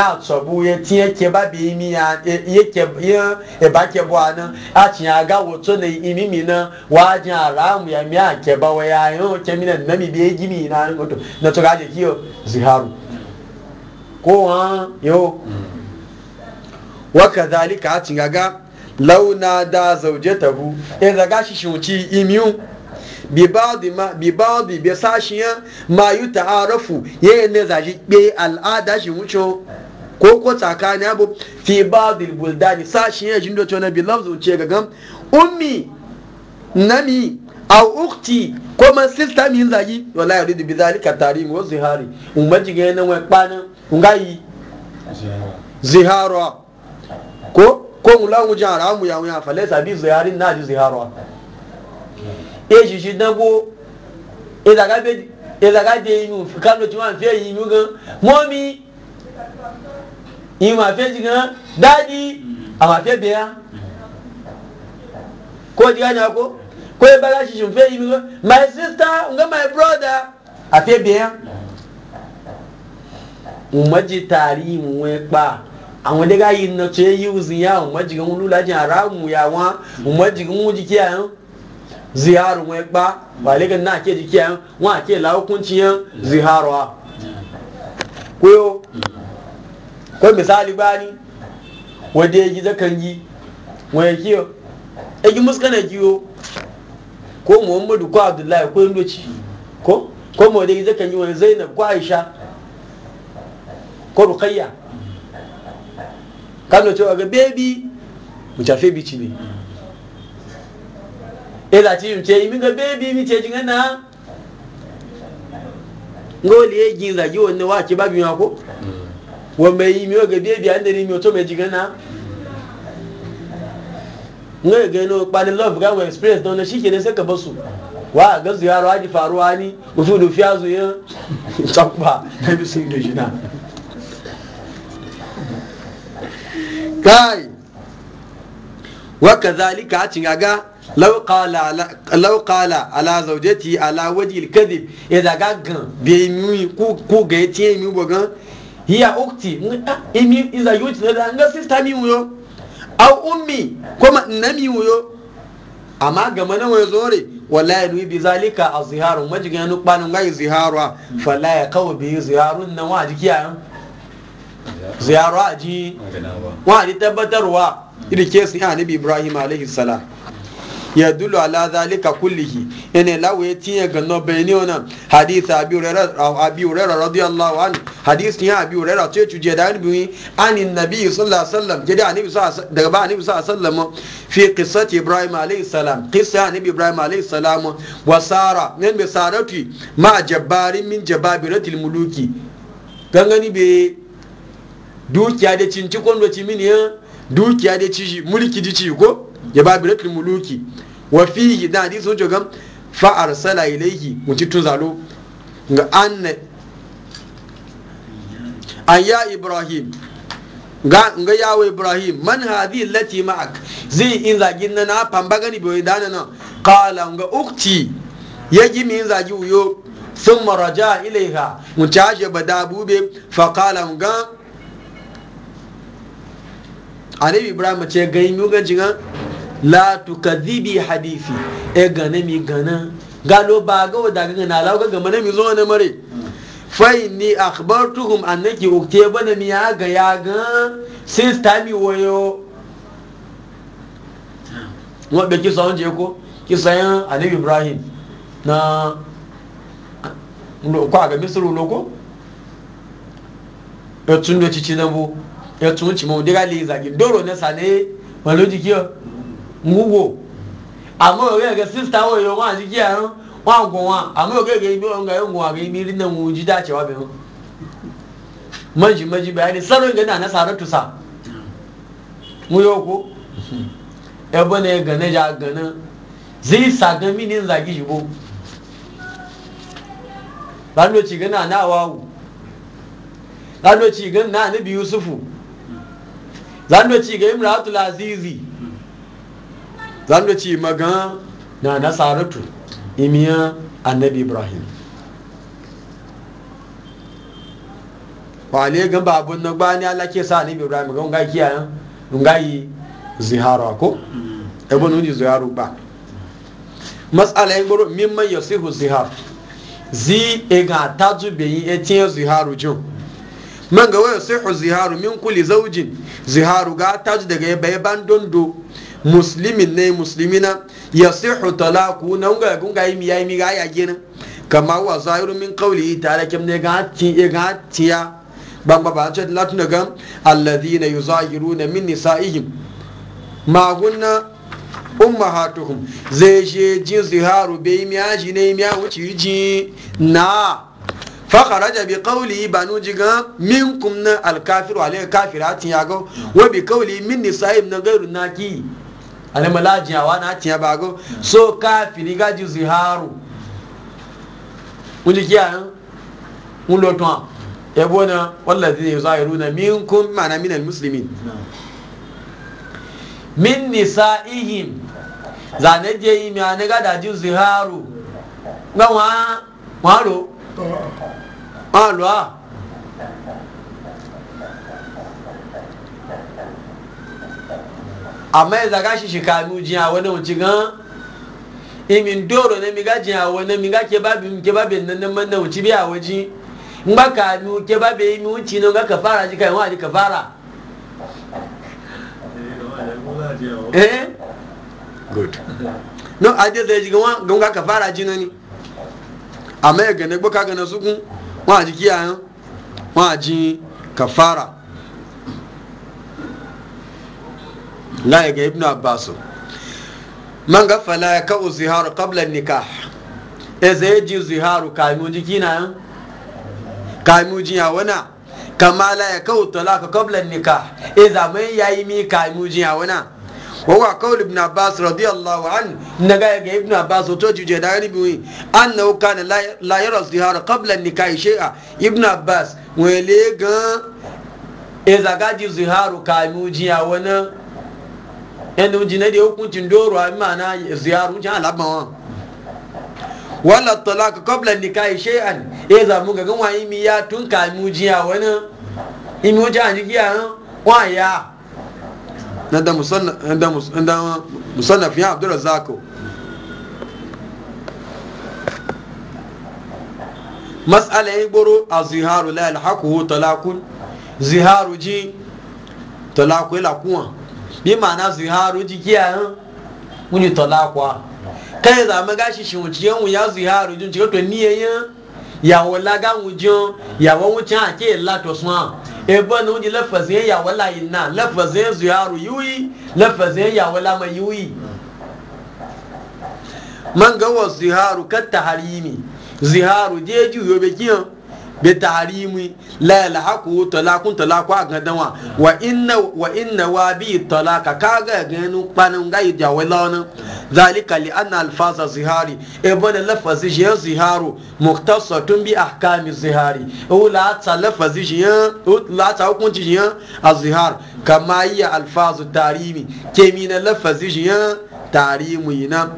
Speaker 1: bu ye tiye ke ba bi mi ya ye ke ye e ba ke bo ana a aga woto na imi mi na wa aji aramu ya mi a ke ba wa ya yo kemina na mi bi gi mi na ngoto na to ga je kiyo ziharu ko ha o, mm. wa kadhalika ka ati aga launa da zauje tahu in zaga shi shuci imiyu bi baudi bi sashiya ma yi ta'arafu ya yi ne zaji ɓe al'ada shi wuce ko ko tsakani abu fi baudi buldani sashiya jin doto na bi lafzu ce ga gam ummi nami aw ukti ko man sista min zaji wala yuridu bi zalika tarim wa zihari umaji ga yana wani kpanin ngayi zihara ko ko mu lawo jan ara mu ya mu ya fale sabi ziyarin na ji ziyarwa e ji ji dabo e daga be e daga de inu kan lo ti wan fe yi nu gan mo mi yi ma fe ji gan dadi a ma fe be ya ko ji ganya ko ko my sister nga my brother a fe be ya umaji tari pa àwọn dẹ́gà yìí nà tó yẹ yíwù sí yá aráàmù yà wọ́n àwọn mọ́jìgì ń wújì kí àwọn ziharu wọn gbá wàlẹ́gà náà kéjì kí àwọn wọn àti ti yẹn ziharu kó misali wọ́n dé yí zakan yí wọ́n yẹ kí yọ egi muskana jiyo ko muhammadu ko abdullahi ko indoci ko ko mu zakan yi wani zainab ko aisha ko kano cewa ga bebi mu tafe bici ne ila ci yun ce yi ga bebi mi ce jin na ngoli ye gin zagi wonne wa ki babi ma ko mm. wo me yi mi ga bebi an da ni mi oto to me jin na ngai ga no kpani love gawo wa don na shike ne sai ka basu wa ga ziyaro haji faruwa ni mutu da fiya zuyin sakwa na bisu da jina kai waka zalika a cin gaga law ala zaujati ala waji alkadhib idan ga gan be mi ku ku ga ti mi bo gan hiya ukti ah, imi iza yut na da nga sista mi wo au ummi kuma na mi wo amma ga mana wa zore wala ya bi zalika azhiharu majiga nu kwanu ga zihara fala ya kawo bi ziharun na wa jikiya ziyaru a ji wa ni tabbatarwa irin kesu ya nabi ibrahim alaihi ya dulu ala zalika kullihi yana lawo ya tiye ga nobe ne ona hadith abi urera radiyallahu an hadith ya abi urera ce cuje da annabi anin nabi sallallahu alaihi wasallam jadi annabi daga ba annabi sallallahu alaihi fi qissati ibrahim alaihi salam qissa annabi ibrahim alaihi salam wa sara nan be sarati ma jabbarin min jababiratil muluki gangani be dukiya da cinci kwanwa ci mini ya eh? dukiya da ci mulki ji ci ko ya ba biratul muluki wa yi na hadisi sun jogam fa arsala mu ci tun zalo ga anna an ya ibrahim ga ga yawo ibrahim man hazi lati ma'ak zai in zagi na Famba gani bai dana na qala ga ukti ya ji min zagi uyo sun maraja ilaiha mu caje ba dabube fa qala ga anabi ibrahim ce gai mu ganci gan la tu zibi hadithi e gane mi gana galo ba ga da ga na lauka ga mana mi zo na mare fa inni akhbartuhum annaki uktiya bana mi ya ga ya ga since time wayo wa be ki sawon je ko ki sayan anabi ibrahim na ko ga misru loko e tun da cici na bu ya tun ci mun diga li zagi ní na pẹ̀lú jìkìọ́ ńwúwo wúwo àmọ́ ọ̀rẹ́ sísítà sísá òyìnbó wọn àti kíá wọn àgùn wọn àmọ́ ọ̀rẹ́ rẹ ibi ọ̀rẹ́ rẹ ògùn àrẹ ibi náà wọn jíjà àṣẹwà bẹ̀rẹ̀ manji manji bayani sanin gana na kú tusa mu yau ko ya bane gane ja gane zai saga mini zagi shigo lalo ci gana na awawu lalo ci gana na nabi yusufu zando ci ga imratul azizi zando ci maga na nasaratu imiya annabi ibrahim wale gan babun na gbani ala ke sa annabi ibrahim ga ngai kiya ngai ziharu ko mm. ebon ni ziharu ba masala en goro mimman yasihu zihar zi ega tajubeyin etin ziharu jun man ga waya sihu ziharu min kulli zaujin ziharu ga taj daga ya bai ban dondo muslimin ne muslimina ya sihu talaku na ga gunga yi ga ya gina kama wa zahiru min qawli ta'ala kam ne ga ti e ga tiya ban ba ba ce latu daga alladhina yuzahiruna min nisaihim ma gunna ummahatuhum zai je jin ziharu bai mi ne miya wuce ji na fakaraja bi kauli banu jiga minkum na alkafiru alayka kafira ya yago wa bi kauli min nisaim na gairu naki alama lajiyawa na ba bago so kafiri ga ju ziharu wuji kiya mun lo ya e bona wallazi yuzahiruna minkum ma'ana min kum mana almuslimin min zane zanaje yi mi anaga da ju ziharu ga wa waro en loi amma ezaka shishika mi jiya wani wuci gan imi ndoro ne mi gaji ya wani mi ga kebabi mi kebabi nan nan man nan wuci biya waji in ba ka mi kebabi mi wuci nan ga kafara ji kai wani kafara
Speaker 2: eh good
Speaker 1: no ade zai ji gan ga kafara ji nani amma ẹ̀gẹ̀nẹ̀ gbọ́ gbaka gẹ̀nẹ̀ sunkún wọ́n á jí kí àyàn wọ́n á jí kàfàrà ga ibnu abbas man ga fala ya kawo ziharu qabla nikah e zai ji ziharu kaimu jiki na yan kaimu ya wana kama la ya ka'u talaka qabla nikah eza mai yayi mi kaimu ya wana وهو قول ابن عباس رضي الله عنه نجا ابن عباس وتوجي جداري بوي أنه كان لا يرى الزهار قبل النكاح شيئا ابن عباس وليغا إذا قاجي الزهار كايموجيا ونا yadda mun jinai da ya hukuncin doro a mana ziyaru wucin alaban wa wala talaka qabla nikahi shay'an ya zamu ga ganwa imi ya tun kamu jiya wani imi a ya da musannaf ya abdul razak mas'ala yi gboro a ziharu la alhaquhu talakun ziharu ji talaku ila kuwa bi ma'ana ziharu ji kiyayen wuni talakwa kai zama gashi shi wuciyen wuya ziharu ji cikin to niyayen yàwó lága ń jẹun yàwó ń tiẹ́ àti èlà tó sùn à ebó ni wọ́n di lẹ́fẹ̀sẹ̀ yàwó la yìí nà lẹ́fẹ̀sẹ̀ zuyaru yìí lẹ́fẹ̀sẹ̀ yàwó la ma yìí. manga wọ ziharu ka taharimi ziharu jeju yobe kiyan bi taharimi la yalhaqu talaqun talaqu agadan wa wa inna wa inna wa bi talaqa kaga nga yi ga yawala nan zalika li anna alfaza zihari e bane lafazi je ziharu muktasatun bi ahkami zihari o e la ta lafazi je la ta hukunci je azhar kama hiya alfazu tarimi kemina lafazi je tarimu yana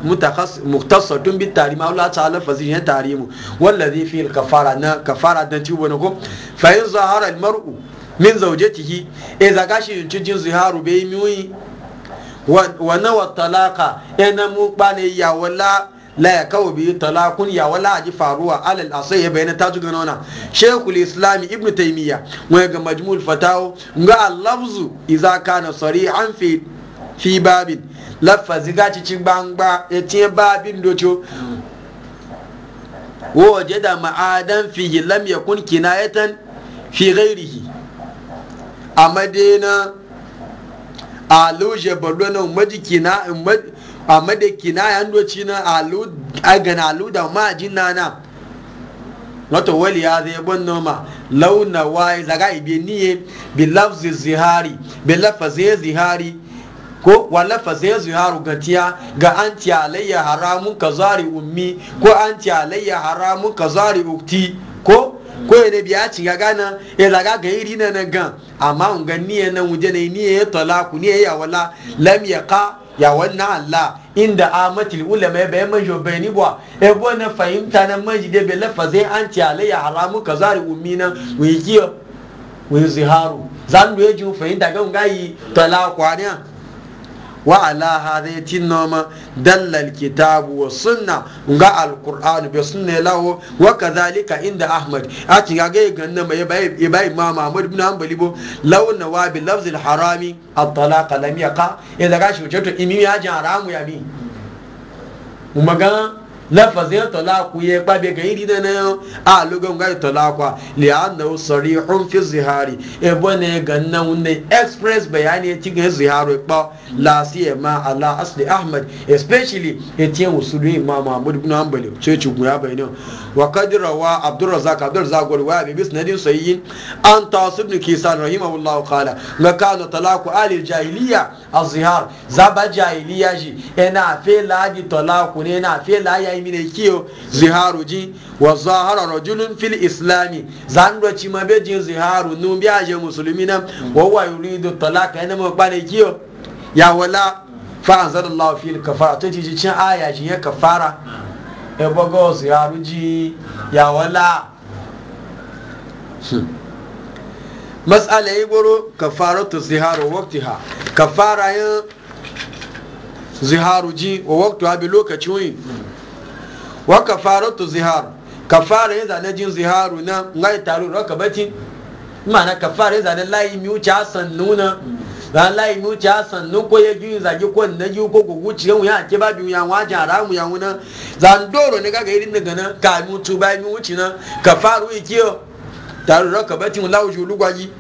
Speaker 1: muktasatun bi tarimu o la ta lafazi je tarimu wallazi fi alkafara na kafara dan tubo na ko fa in e zagashi ziharu bai miyi wannan wa talaka ina mu bane ya wala la ya kawo biyu talakun ya wala aji faruwa alal asai ya bayyana ta tuga nuna shekul islami ibn taimiyya wani ga majmul fatawo ga alabzu iza kana sari an fi babin lafazi ga cikin gbangba ya tiye babin doco waje da ma'adan fi ya kun kinayatan fi gairihi a madina loje jebalu na umaji kina amade kina ya a na alu agana alu da ma jinna na wato wali ya zai bon noma launa wai zaga ibe niye bi lafzi zihari bi lafazi zihari ko wa fasaya zihari gatiya ga an alayya haramun ka zari ummi ko an alayya haramun ka zari ukti ko ko ne biya cika ga gana ya zaga ga iri na na gan amma un gan niyan na wuje ne niyan ya talaku niyan ya wala lam ka ya wannan Allah inda amatil ulama ya bayan bai ni ba e na fahimta na manji da be lafazin an ci ya haramu kazari ummina wi kiyo wi ziharu zan do ya fahimta ga un gayi ku ne wa ala hadhihi tinnoma dalla alkitabu wa sunna nga alqur'anu bi sunna lawo wa kadhalika inda ahmad a ci ga ga ganna mai bai bai imam ahmad ibn hanbali bo law nawabi bi lafz alharami at-talaq lam yaqa idan e ga to imi ya ji ya lafazin ya talaku ya babe ga iri da yau. a lugan gai talakwa li'anna sarihun fi zihari e bone ga nan express bayani ya cikin ziharu ba la ma ala asli ahmad especially ya tiye musulmi imam mahmud ibn hanbali sai ci guya bayanin wa qad rawa abdurrazzaq an ibn talaku ali jahiliya a zihar zaba jahiliya shi. ina fe laji talaku ne ina fela la yayi mine kiyo ziharu ji wa zahara rajulun fil islami zan do ci mabe jin ziharu nu bi aje musulmi nan wa wa yuridu talaka ina mo kpane kiyo ya wala fa anzalallahu fil kafara to ji cin aya ji ya kafara e bogo ziharu ji ya wala hmm. masala yi goro kafaratu ziharu waktiha kafara yin ziharu ji wa waqtu abi lokacin lokaci wa kafaratu zihar kafara ya zane jin ziharu na ngai taru raka bacin ma'ana kafara ya zane layi mi wuce hasan nuna ba layi mi wuce hasan nu ko ya ji zage ko na ji ko ko wuce yan ya ke babu yan waje mu yan wuna zan doro ne kaga irin daga na ka mi wuce ba mi wuce na kafaru ya kiyo taru raka mu lawo julu gwaji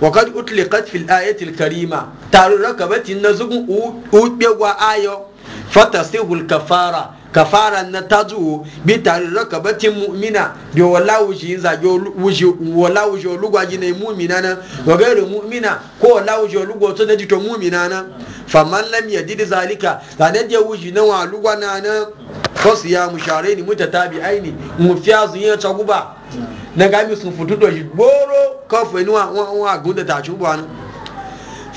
Speaker 1: وقد أطلقت في الآية الكريمة تارو ركبت النزق أوبيا وآيو fatasihu kafara kafara na tazu bi tare rakabatin mu'mina da wala wuji zage wuji wala wuji lugwaji ne mu'mina na wa gairu mu'mina ko wala wuji lugwa to naji to mu'mina na faman lam yajid zalika zane je wuji na wa lugwa na na fasu ya musharaini mutatabi'aini mufiyazu ya ba. na gami sun fitu to shi boro kafa ni wa wa gunda ta chuba na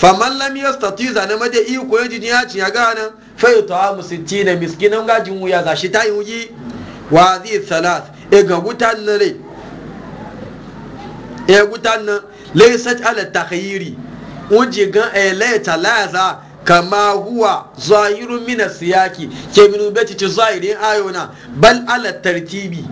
Speaker 1: faman lam yastati zane maje iyo koyon jini ya ci ya gana fayo ta musulci na miskinan gajin wuya za shi ta yi wuyi wa zai salas e ga gutan na rai e gutan na laysat ala takhyiri wuji ga e laita laza kama huwa zahirun mina siyaki ke minu beti ci zahirin ayona bal ala tartibi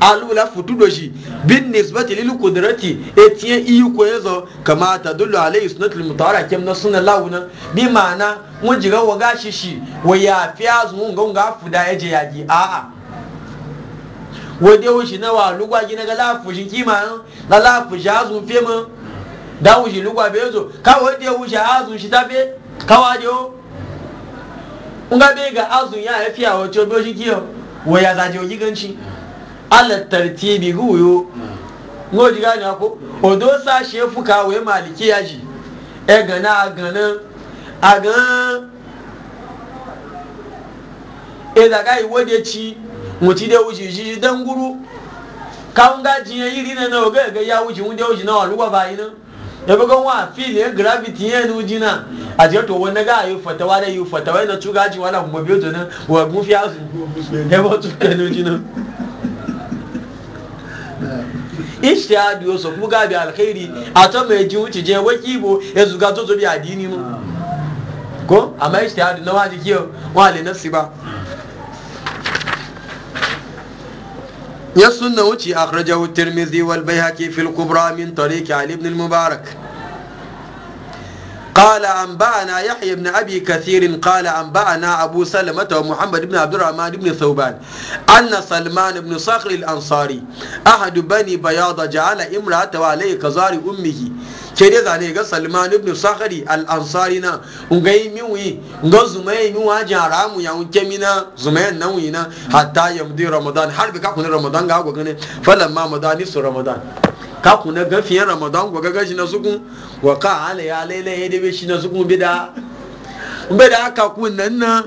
Speaker 1: alula futu doshi bin nisbati lil qudrati etiye iko yazo kama tadullu alayhi sunnatul mutahara kim na sunna launa bi ma'ana mun jiga wa gashi shi wa ya fiyazu mun ga ga fuda yaje yaji a'a wa dewo shi na wa lugwa gina ga lafu shi kima na la lafu shi azu fema dawo shi lugwa bezo ka wa dewo shi azu shi ta tabe kawa dewo nga be ga azu ya yafiya e wa chobo shi kiyo wa ya zaje yi ganci ala tartibi guyo ngo diga nya ko odo sa she fuka we maliki yaji e gana agana agan e da gai wode ci muti de wuji ji dan guru kawun gaji ya yiri na na e oga e e ga ya wuji wunde wuji na waluwa yi na ya buga wa fili ya gravity ya nuji na a je to wani ga yi fatawa da yi fatawa na tuga ji wala mu biyo to na wa gufi ya su ya ba tuka nuji na ya yo so kuma bi alkhairi a ta mai ji wuce je waki bo ya zuga to bi addini mu ko amma ishtihadi na waji kiyo wa le nafsi ba ya sunna wuce akhrajahu tirmidhi wal bayhaqi fil kubra min tariqi ali ibn al mubarak قال أنبأنا يحيى بن أبي كثير قال أنبأنا أبو سلمة ومحمد بن عبد الرحمن بن ثوبان أن سلمان بن صخر الأنصاري أحد بني بياض جعل امرأته عليه كزار أمه ke dai zane ga salman ibn sakhari al-ansari na ngai miwi nga zumai mi wa jaramu ya unke mina zumai nan wi na hatta yamdi ramadan har bi ka kun ramadan ga go gane falamma madani su ramadan ka kuna gafiyan ramadan ku ga shi na sukun wa ka hala ya laila ya dabe shi na sukun bida bida aka kunan nan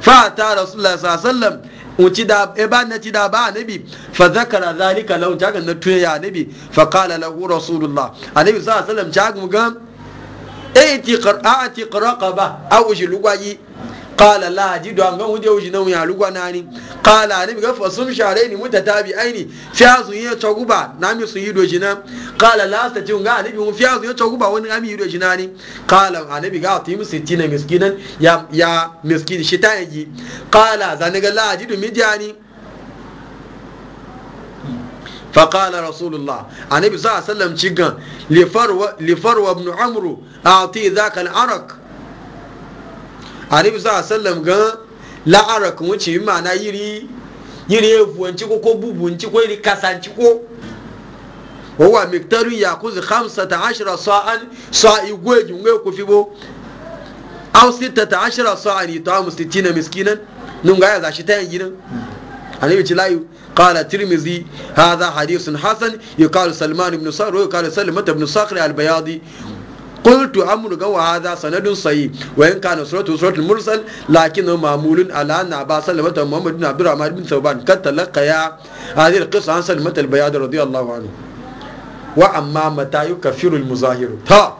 Speaker 1: fa ta rasulullah sallallahu uci da eba na ci da ba anabi fa zakara zalika lahu jagan na tuya ya anabi fa qala lahu rasulullah anabi sallallahu alaihi wasallam jagan ga ati qira'ati qiraqaba aw shi lugwayi qala la ajidu an gawo je wujina wuya lugwa nani qala ni sun ga fasum sharaini mutatabi aini fiazu ye choguba nami yi yido jina qala la ta tun ga ni mu fiazu ye choguba wani yi yido jina ni qala anabi ga ti mu sittina miskinan ya ya miskin shi ta yi yaji qala zaniga la ajidu midiyani فقال رسول الله النبي صلى الله عليه وسلم لفرو لفرو بن عمرو اعطي ذاك العرق anabi sa sallam gan la'ara kun wuce yi ma'ana yiri yiri fuwanci ko ko bubunci ko yiri kasanci ko wawa miktaru ya kuzi hamsa ta ashira sa'an sa'i gwaji ngai ku fi bo an sita ta ashira sa'an ita na miskinan nun ga za shi ta yin nan anabi ci layu kala قال ترمزي هذا حديث حسن Salman سلمان بن صقر Salman سلمة بن صقر البياضي qultu amru ga wa hadha sanadun sahih wa in kana suratu suratul mursal lakinnahu ma'mulun ala anna ba salama ta muhammad ibn abdurrahman ibn thawban kad talaqaya hadhihi alqissa an salama al-bayad radiyallahu anhu wa amma mata yukaffiru al-muzahiru ta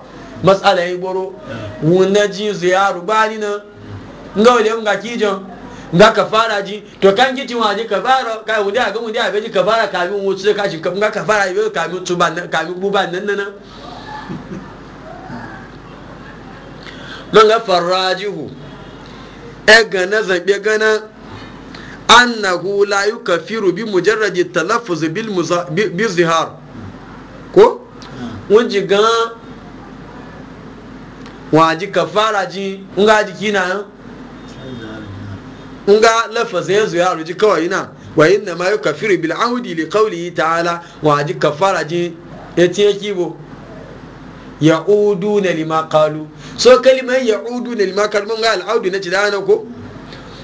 Speaker 1: mas'ala yi boro ji ziyaru bani na nga wale nga kijo nga kafara ji to kan gitin ka kafara kai wudi aga wudi abeji kafara kamin wuce kashi nga kafara yi kamin tuban kamin buban nan nan man ga farrajihu e ga na zabe gana annahu la yukaffiru bi mujarradi talaffuz bil zihar ko wunji ga waji kafara ji nga jiki na nga lafaza ya ruji kawai na wa inna ma yukaffiru bil ahdi li yi ta'ala waji kafara ji ya tiye kibo na lima kalu so kalima ya udu ne lima kalma ga al'audu na ci dana ko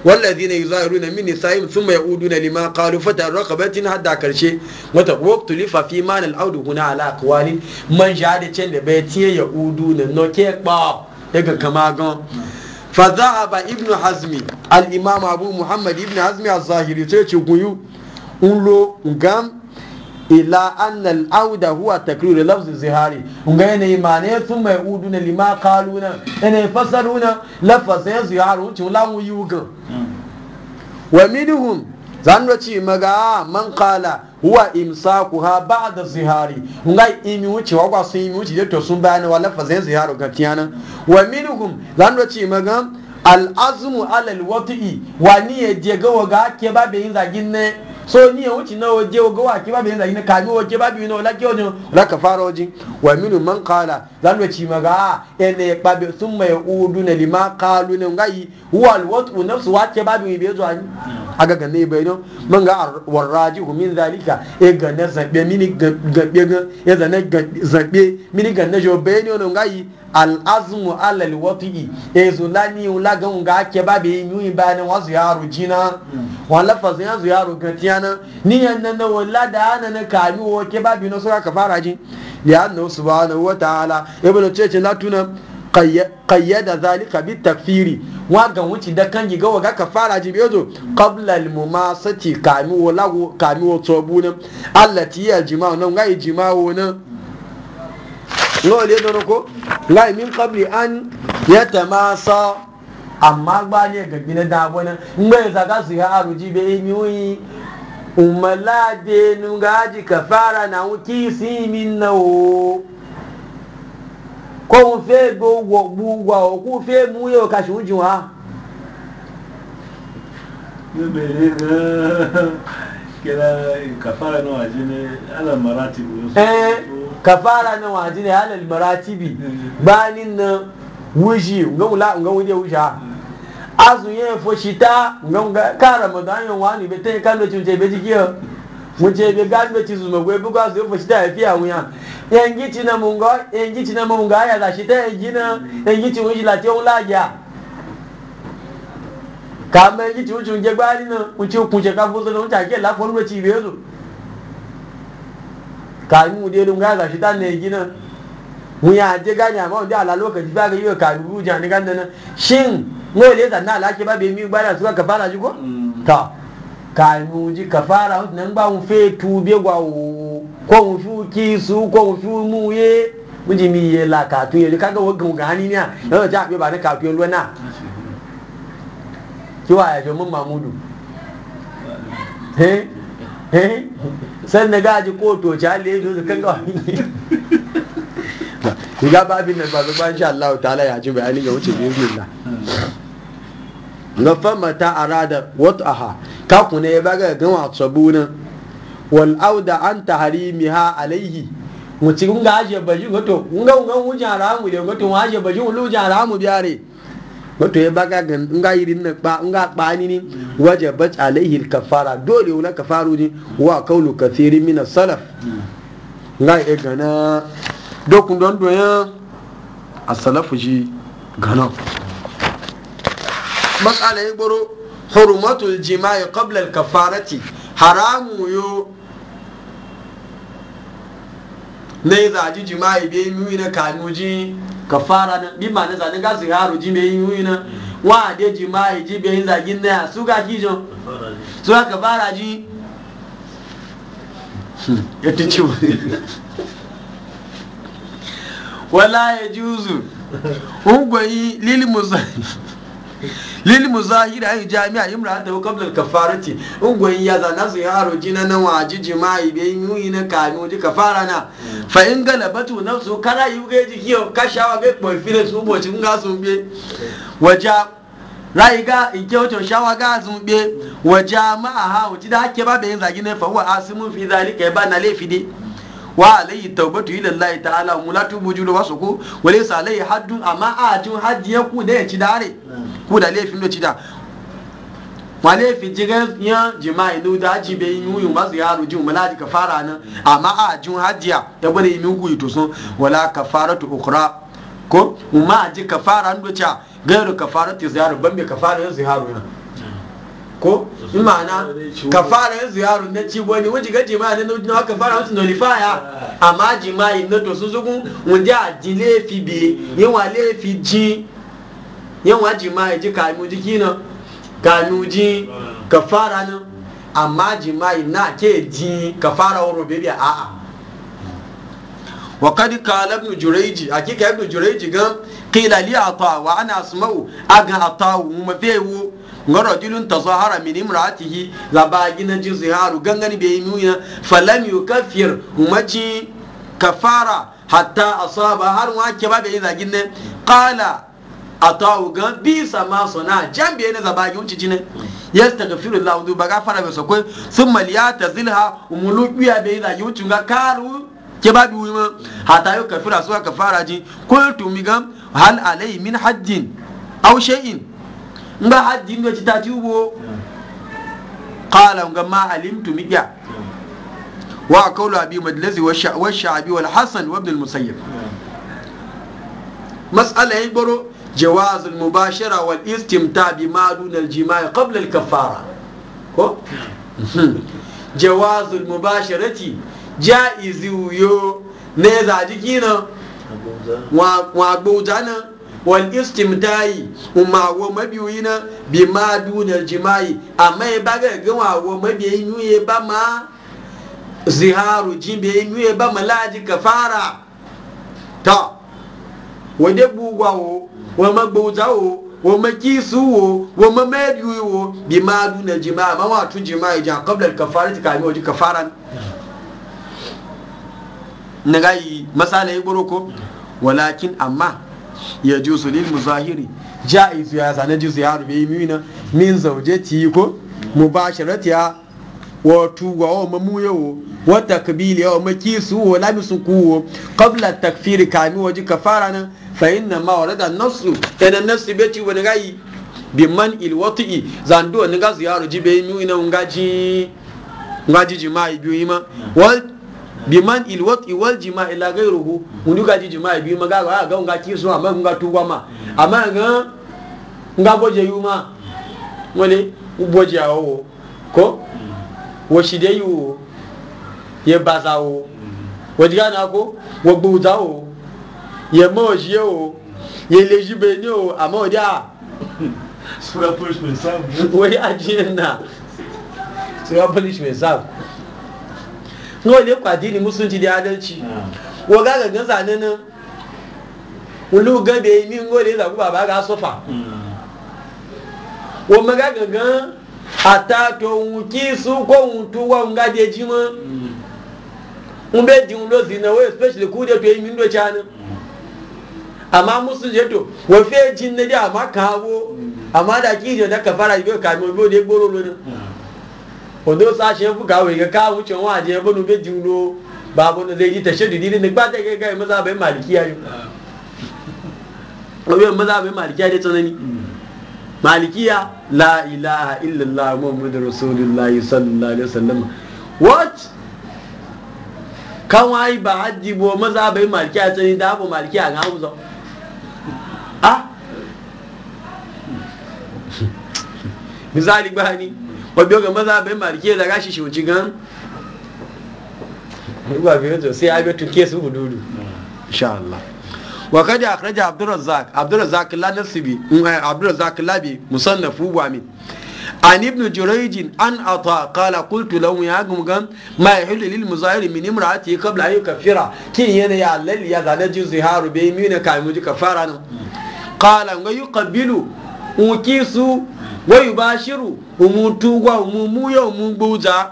Speaker 1: wallazi ne yi zaru na mini sa'im sun mai udu na lima kalu fata rakabatin hadda karshe wata waktu lifa fi ma na al'audu kuna ala kwali man ja da can da bai tiye ya udu na no ke kpa daga kama gan fa zahaba ibnu hazmi al imam abu muhammad ibnu hazmi az-zahiri sai ce guyu un lo gam ila annal auda huwa takrir lafzi zihari unga yana imane sun mai udu na lima kaluna yana fasaruna lafasa ya ziharu wuce lamu yuga wa minhum zan ci maga man qala huwa ba ba'da zihari unga imi wuce wa kwa sun imi wuce da to sun bayani wa lafasa ya ziharu ga tiyana wa minhum zan ci maga al azmu ala al wa ni ya je ga waga ke ba zagin ne so ni yawon ci na waje wa gawa ke babu yanzu na kaji waje babu yi na wala ke wajen wala ka fara waje wa minu man kala zan wace maga a ah, yana ya babu sun mai udu na lima kalu na ngayi huwa alwatu nafsu wace babu yi bai zuwa ni a ga ganne bai don man ga warraji hu min zalika e ganne zabe mini gabe ya zane zabe mini ganne jo bai ne wani ngayi al'azmu alal wati'i e zulani ula ga wunga ake ba bai yi ba ne wasu yaro jina hmm. wa lafazu ya zu yaro yana. ni yanna na wula da ana na kami wa ke ba bi no suka ka fara ji ya na wata ala ta'ala ibnu cece latuna da zalika bi tafiri. wa ga wuci da kan giga wa ga ka fara ji bezo qabla al mumasati kami wala lagu wo tobu ne allati ya jima'u nan ga jima'u nan lọ́wọ́ lè dọ́nà kó láì mí kọ́bìlì án yẹ tẹ̀ máa sọ àmọ́ agbá ní ẹ̀gẹ̀gbẹ́ ní dáàbọ̀ náà ńgbẹ́ ìsàkásù ya àrùjí bẹ ẹni oyin umalade nungaji kafara na àwọn kí sí mi nà o kó wọn fẹ́ gbowó gbowó òkú fẹ́ mú yóò kàṣù jù wá. yóò bẹ̀rẹ̀ gan-an kẹlẹ́ kàfàrà náà àjẹ́ ní alamara ti wọ́n sọ. ka fara na waje ne halal maratibi banin na wuji nga wula nga wuje wuja azu ye fo shita nga nga kara mo dan yon wani be ten kan do chunje be jikiyo munje be gan be chizu mo gwe buga azu fo shita e pia wuya yengi na munga yengi na munga ya la shita e jina yengi chi wuji la te wula ja ka me yengi chi wuji nje gbari na unchi kunje ka fo so no cha ke la fo nwe chi be zo kàrí mu délé nga zà ṣetán na igi náà mu yà àjẹ gánà àmọ́ òde àlá lókàtí bá ga yíyọ kàrí rú jà ní gánà náà shin ngó ilé zà náà láti bá bẹ mí gbára suka kafara ji ko ta kàrí mu ji kafara wọn nan gbà wọn fẹ́ tu bí wà wò kó wọn fi kí su kó wọn fi mú yé wọn jì mí yé la kàtó yé kága wọn gàn gàn ní ní à yọ̀ọ́ mm. tí a pè bá ní kàtó yé náà kí wàá yà jọ mọ́ mamudu. sai na gaji ko to ci hali yanzu da kan gawa ne ga babin nan babu ban sha Allah ta'ala ya ji bayani ga wuce biyu biyu na gafan mata arada wata aha kaku ne ya baga gama sabunan wal auda an taharimiha alaihi mutum ga ajiye baji goto ngan ngan wujan ramu da goto waje baji wulu jan ramu biya ne wato ya baga ga nga yirin na ba nga ba ni ni wajabat alaihi kafara dole wala kafaru ni wa qawlu kathirin min as-salaf nga e gana dokun don doya a salafu ji gana masala yi gboro hurumatul jima'i qabla al-kafarati haramu yo na yi zaji jima'i bai yi miwi na kanuji ka fara na bi ma na zaji ga su haru ji bai yi miwi na wa de jima'i ji bai yi zagi na ya su ga kijo su ga ka fara ji hmm, ya ti ci wala ya uzu ungwayi lili musa lil muzahiri ayi jami'a imra da qabla kafarati ungoyin ya zana su yaro jina nan waji jima'i bai yi na kanu ji kafara na mm. fa in galabatu nafsu kana yi ga ji kiyo kashawa ga ko da su bocin ga sun be waja rai ga in wato shawa ga be mm. waja ma ha wuci da ake ba yin zagi ne fa huwa asimu fi zalika ba na laifi ne wa alayhi tawbatu ila Allah ta'ala mulatu mujulu wasu ku wale sa alayhi haddun amma a tun hajji ya ku da ya ci dare ku da laifin da ci da wa laifin jiga ya jima'i nu da haji bai yi yun masu yaro jin malaji kafara nan amma a tun hajjiya ya bada yi ku yi tusun wala kafaratu ukhra ko umma ji kafara ndo cha gairu kafaratu ziyaru ban bai kafaratu ziyaru nan ko ma'ana ka fara yanzu yaro na ci wani wani ga jima'i na nuna ka fara wasu nolifaya ah. amma jima'i na to sun zugun wanda a ji laifi bi yawa laifi ji yawa jima'i ji kanu jiki na kanu ji ka fara nan amma jima'i na ke ji ka fara wuro bebe a'a Wa وقد قال ابن جريج حقيقة ابن جريج قال قيل لي عطاء وأنا أسمعه أجا عطاء وما فيه ga rajulun tazahara min imra'atihi za ba gina ji ziharu gangan bai yi nuna falam yukaffir umaji kafara hatta asaba har ke ba bai zagin ne qala atawu ga bi sama sana jan bai ne zaba gi unci jine yastaghfiru lahu ba gafara bai sokoi thumma liyatazilha umulu biya bai zagi unci ga karu ke ba bi wima hatta yukafira suka kafara ji qultu migam hal alai min hajjin aw shay'in nga haddi ndo ci tati wo qala nga ma alimtu miya wa qawlu abi madlazi wa sha'bi wal hasan wa ibn al musayyib mas'ala yi jawaz al mubashara wal istimta bi ma dun al jima' qabla al kaffara ko jawaz al mubasharati jaizi yo ne za jikina wa gboja wal istimta'i umma wo mabiyina bi ma dunal jima'i amma ya e baga ga wa wo mabiyin yuye ba ma ziharu jibe yuye ba ma laji kafara ta wade bugwa wo wa magbauta wo wa makisu wo wa mamadiyu wo bi ma dunal jima'i ma wa tun jima'i ja qabla al kafarati ka mi waji kafaran nagayi masala yi ko mm. walakin amma ya juzu lil muzahiri jaiz ya zane juzu ya rubi mina min zaujati ko wato wa tuwa wa yawo wa takbili ma kisu, wa lamisu kuwo qabla takfiri kami waji kafara nan fa inna ma warada nasu ina nasu beti wani gai bi man il wati'i zando ni ga ziyaru jibe ina ngaji ngaji jima'i biyu ma wal bi man ilwat iwal jima ila gairuhu muni ga ji jima bi maga ga ga ga ki so amma ga tuwa ma amma ga ga boje yuma mole uboje awo ko wo shide yu ye bazawo wo diga na ko wo gbuda o ye mo oje o ye leji be ni o amma o dia sura punishment sam wo ya jinna sura punishment sam nawa ne ku addini musulunci da adalci hmm. wa ga ga gaza ne nan wulu ga be mi ngo le za ku baba ga sofa hmm. wa ma gaga ga ata to wuki su ko wutu wa nga de jima un hmm. be di un lo zina we especially ku de to yi min do chana amma musulunci to wa fe jin ne da amma kawo amma da ki da kafara ibe ka mo bo de gboro lo ne odo sashe buga wai ga kawo wucin waje ya bano bai juro babu na zai yi ta shirin dini ne ba ta ga gai maza bai malikiya yi obi maza bai malikiya dai tsanani malikiya la ilaha illallah muhammadu rasulullah sallallahu alaihi wasallam what kan wayi ba hajji bo maza bai malikiya tsanani da abu malikiya ga hamu zau ah misali ba ni wabiyo ga maza bai marike da gashi shi wuce gan ba biyo to sai abe tuke su bududu insha Allah wa kad akhraja abdurrazzaq abdurrazzaq la nasibi abdurrazzaq la bi musannafu wa min an ibn jurayj an ata qala qultu lahu ya gumgan ma yahillu lil muzahir min imraati qabla an yukaffira kin yana ya allal ya zana ju ziharu bai mina kai muji kafara nan qala ga yuqabbilu ukisu Wai ba shiru umutu gwa umumu ya umugbuza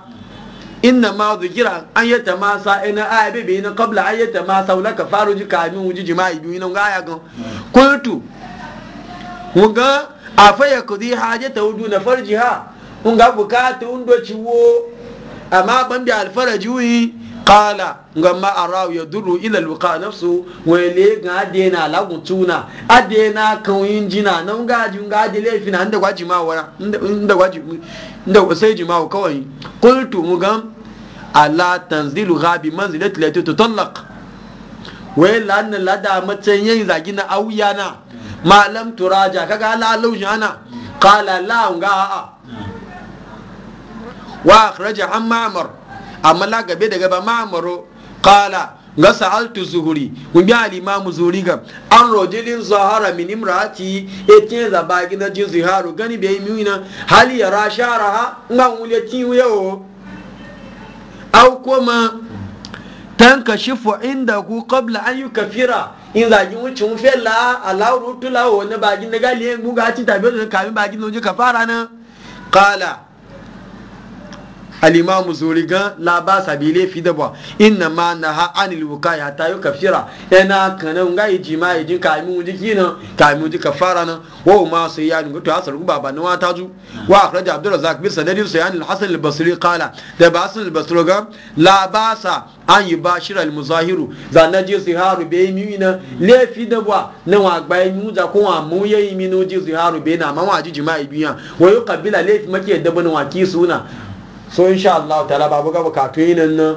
Speaker 1: inna ma zikira an yata sa ina aya bibi na kabla an yata sa wula ka faru ji kami wuji jima'i biyu na gaya gan kuntu wuga a faya kudi hajata wudu na farji ha ga bukata wundo ciwo amma ban bi alfaraji wuyi qala ngamma araw duru ila luka, nafsu le ga dena lagun tuna na kan jina nan ga ji ga de le fina inda gwaji ma wara inda gwaji inda sai jima kawai qultu mugam ala tanzilu ghabi manzilati lati tutallaq wai lannan lada matsayin yin zagi na auya na malam turaja kaga ala alaushin ana qala la nga a wa akhraja an ma'mar amma la gabe daga ba mamaro kala ga sa'altu zuhuri kun bi alimamu imam zuhuri ga an rojilin zahara min imraati etin za ba gina jin ziharu gani bai mi na hali yara ha nga wule tin yawo au kuma tanka shifu inda ku qabla an yukafira in zagin gi wucin fela alawru tulawo ne ba gina galiye mu ga ci tabe da kamin ba gina je kafara na kala alimamu zuri gan laba sabile fi inna ma na ha anil wuka ya ta yi kafira yana kanan nga yi jima yi jin kami wuji kina kami wuji kafara nan wa ma su ya ni to asar guba ba nawa ta ju wa akhraja abdurrazzaq bi sanadin su yani hasan al-basri qala da ba hasan al-basri gan la sa an yi bashir al-muzahiru za na je ziharu be mi na le fi dabwa na wa gba yi mu da ko wa mu yayi mi no je ziharu be na ma wa ji yi biya wa yuqabila le fi make dabana wa ki suna so insha Allah ta'ala babu ga bukatu yinan nan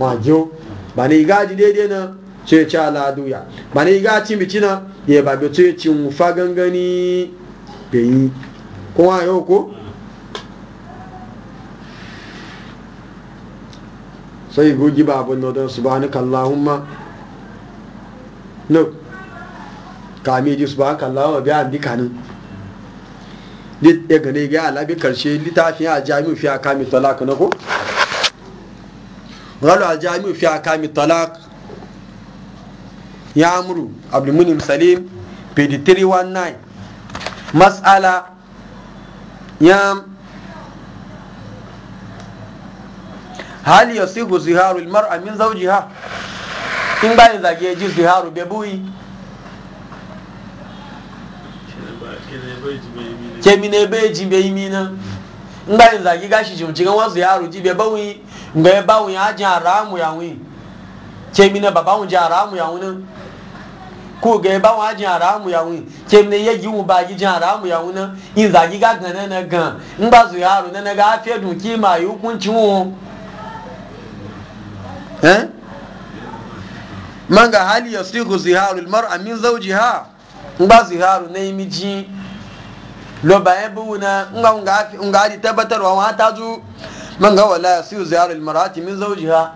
Speaker 1: wajo ba ni gaji daidai na ce ce ala duya ba ni gaci mici na ya ba bi ce ci fa gangani da yi kuma yau ko sai gogi ba abun na don subhanaka Allahumma no kalla ji ma biya bi kanin ya e gane ga alabi karshe littafin a jami'u fi aka mi talak na ku? Ralu a jami'u fi aka mi talak ya amuru abdulmunim salim page 319 mas'ala ya hal yasihu ziharu almar'a min ha? in bayan zage ji ziharu bebuyi bai kemi na ebe eji be imi na nda yin zagi gashi jim cikin ya yaro ji be bawi nga ya bawi ya ji ya wi kemi na baba ji haramu ya wi ko ga ya bawi ya ji haramu ya wi kemi na yegi ba gi ji haramu ya wi na in zagi ga gana na gan in ba su na ga afiya kima yi hukuncin eh? wo manga hali yasihu ziharul mar'a min zawjiha in ba ziharu na yi miji lo bayan buna nga nga nga di tabbatarwa wa ta zu man ga wala yasiu ziyaru marati min zawjiha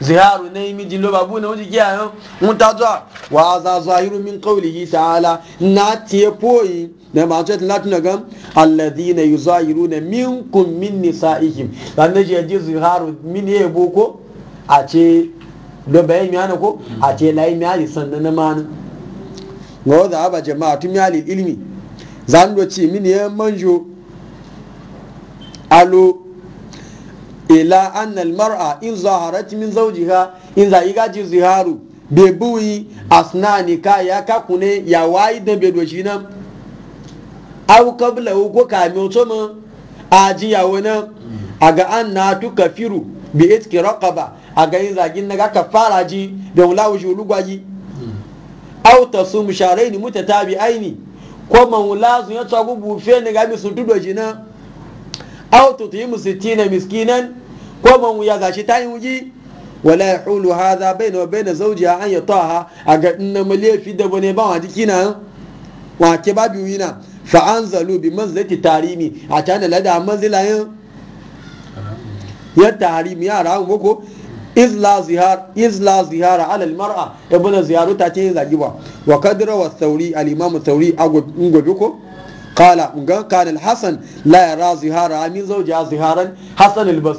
Speaker 1: ziharu ne di lo babu na wuji giya yo mun ta zuwa wa za zahiru min qawlihi ta'ala na ti poi ne ma ce lati na gam alladhina yuzahiruna minkum min nisaihim ba ne je di ziyaru min ye boko a ce lo bayan mi ana ko a ce lai mi ali sannan na manu wa da ba jama'a mi ali ilmi zando ci mini ya manjo alo ila annal mar'a in zaharat min zawjiha in za iga ji ziharu be buyi asnani ka ya kakune ya wayi da be doshi nan aw qabla ko kame to mu aji ya wona aga anna tukafiru bi itki raqaba aga in gin naga kafara ji da wala wujulu gwaji hmm. aw tasum sharaini mutatabi'aini ko maula sun ya tsagu bufe ne ga misu tudo shi nan yi tutimu sittina miskinan ko man ya gashi ta yi wuji wala yahulu na bayna wa bayna zawjiha an yataha aga inna malifi da bane ba wa wa ke babu yina fa anzalu bi manzilati tarimi a tana lada manzilayin ya tarimi ya rawu izla zihara izla ziyara ya almar'a ibn ziyaru ta ce zagi ba wa kadira wa sauri al-imam sauri gobe ko kala ga hassan la ya ra zihara a min zauja ziharan Hassan al ga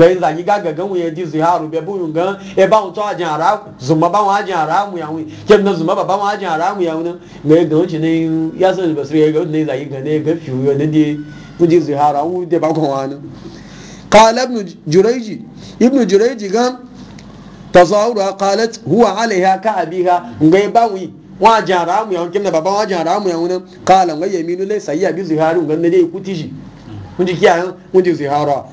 Speaker 1: yin zagi ga ga gan wuya ziharu be bun ga e ba a ajin ara zuma ba wa ajin ara mu ya wi kem na zuma ba ba wa ajin ara mu ya wi ne ga wuce ne ya san albasili basri ga ne zagi ga ne ga fiyo ne de kuje zihara wu da ba wani قال ابن ga ابن جريج huwa تظاهرها قالت biha عليها كأبيها غيباوي wajen ramu yawon kimna babban wajen ramu yawon nan kala ngai yaminu lai sayya bi zuharu ngan ne dai kuti shi kun ji kiyaye kun ji zuhara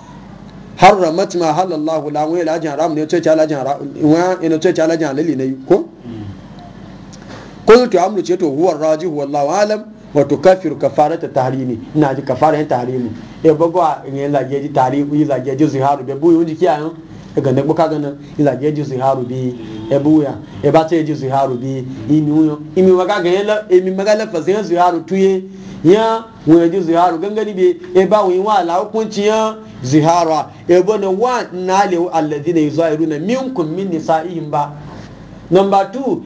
Speaker 1: harramat ma halallahu la la jan ramu ne to ta la jan ramu ina to ta la jan lali ne ko ce to huwa raji huwa Allahu alam wato kafiru kafara ta tahrimi ina ji kafara ta tahrimi e bagwa in yi lage ji tahrimi yi lage ji ziharu be buyu ji kiyayen daga e, ne gboka gana yi lage ji ziharu bi e buya e ba ta ji ziharu bi imi uyo imi waga ga yela imi e maga la fazin ziharu tuye ya wuya ji ziharu gangani be e ba wuyin wa la hukunci ya ziharu e bona wa nale alladhina yuzahiruna minkum min nisaihim ba number 2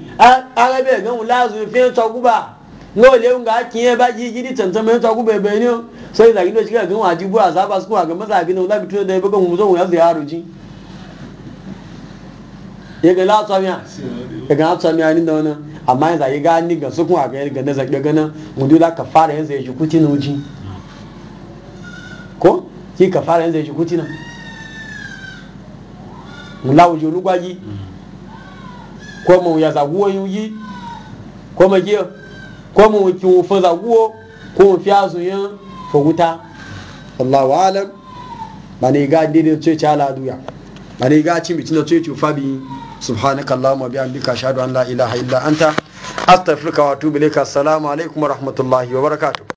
Speaker 1: arabe gan la zu fi to guba yau le nga kiye ba ji gidi tantan mai ta ni bai ne sai da gido shiga gan waji bura za ba su kuma ga mazabi na wala bitu da ya bugan mu zo mu ya ji ya ga la tsamiya ya ga tsamiya ni da wannan amma yanzu ya ga ni ga su kuma ga ga na zaga gana mu dole ka fara yanzu ya ji kuti na ji? ko ki ka fara yanzu ya ji kuti na mu ji lugwaji ko mu ya zaguwa yuji ko ko mu ki mu faza ko mu fi azu yan fa wuta Allahu alam bani ne ga dide ce ta ala duya bani ga ci mitin ce ce fabi subhanaka allahumma bi amdika shahadu an la ilaha illa anta astaghfiruka wa atubu ilaika assalamu alaikum wa rahmatullahi wa barakatuh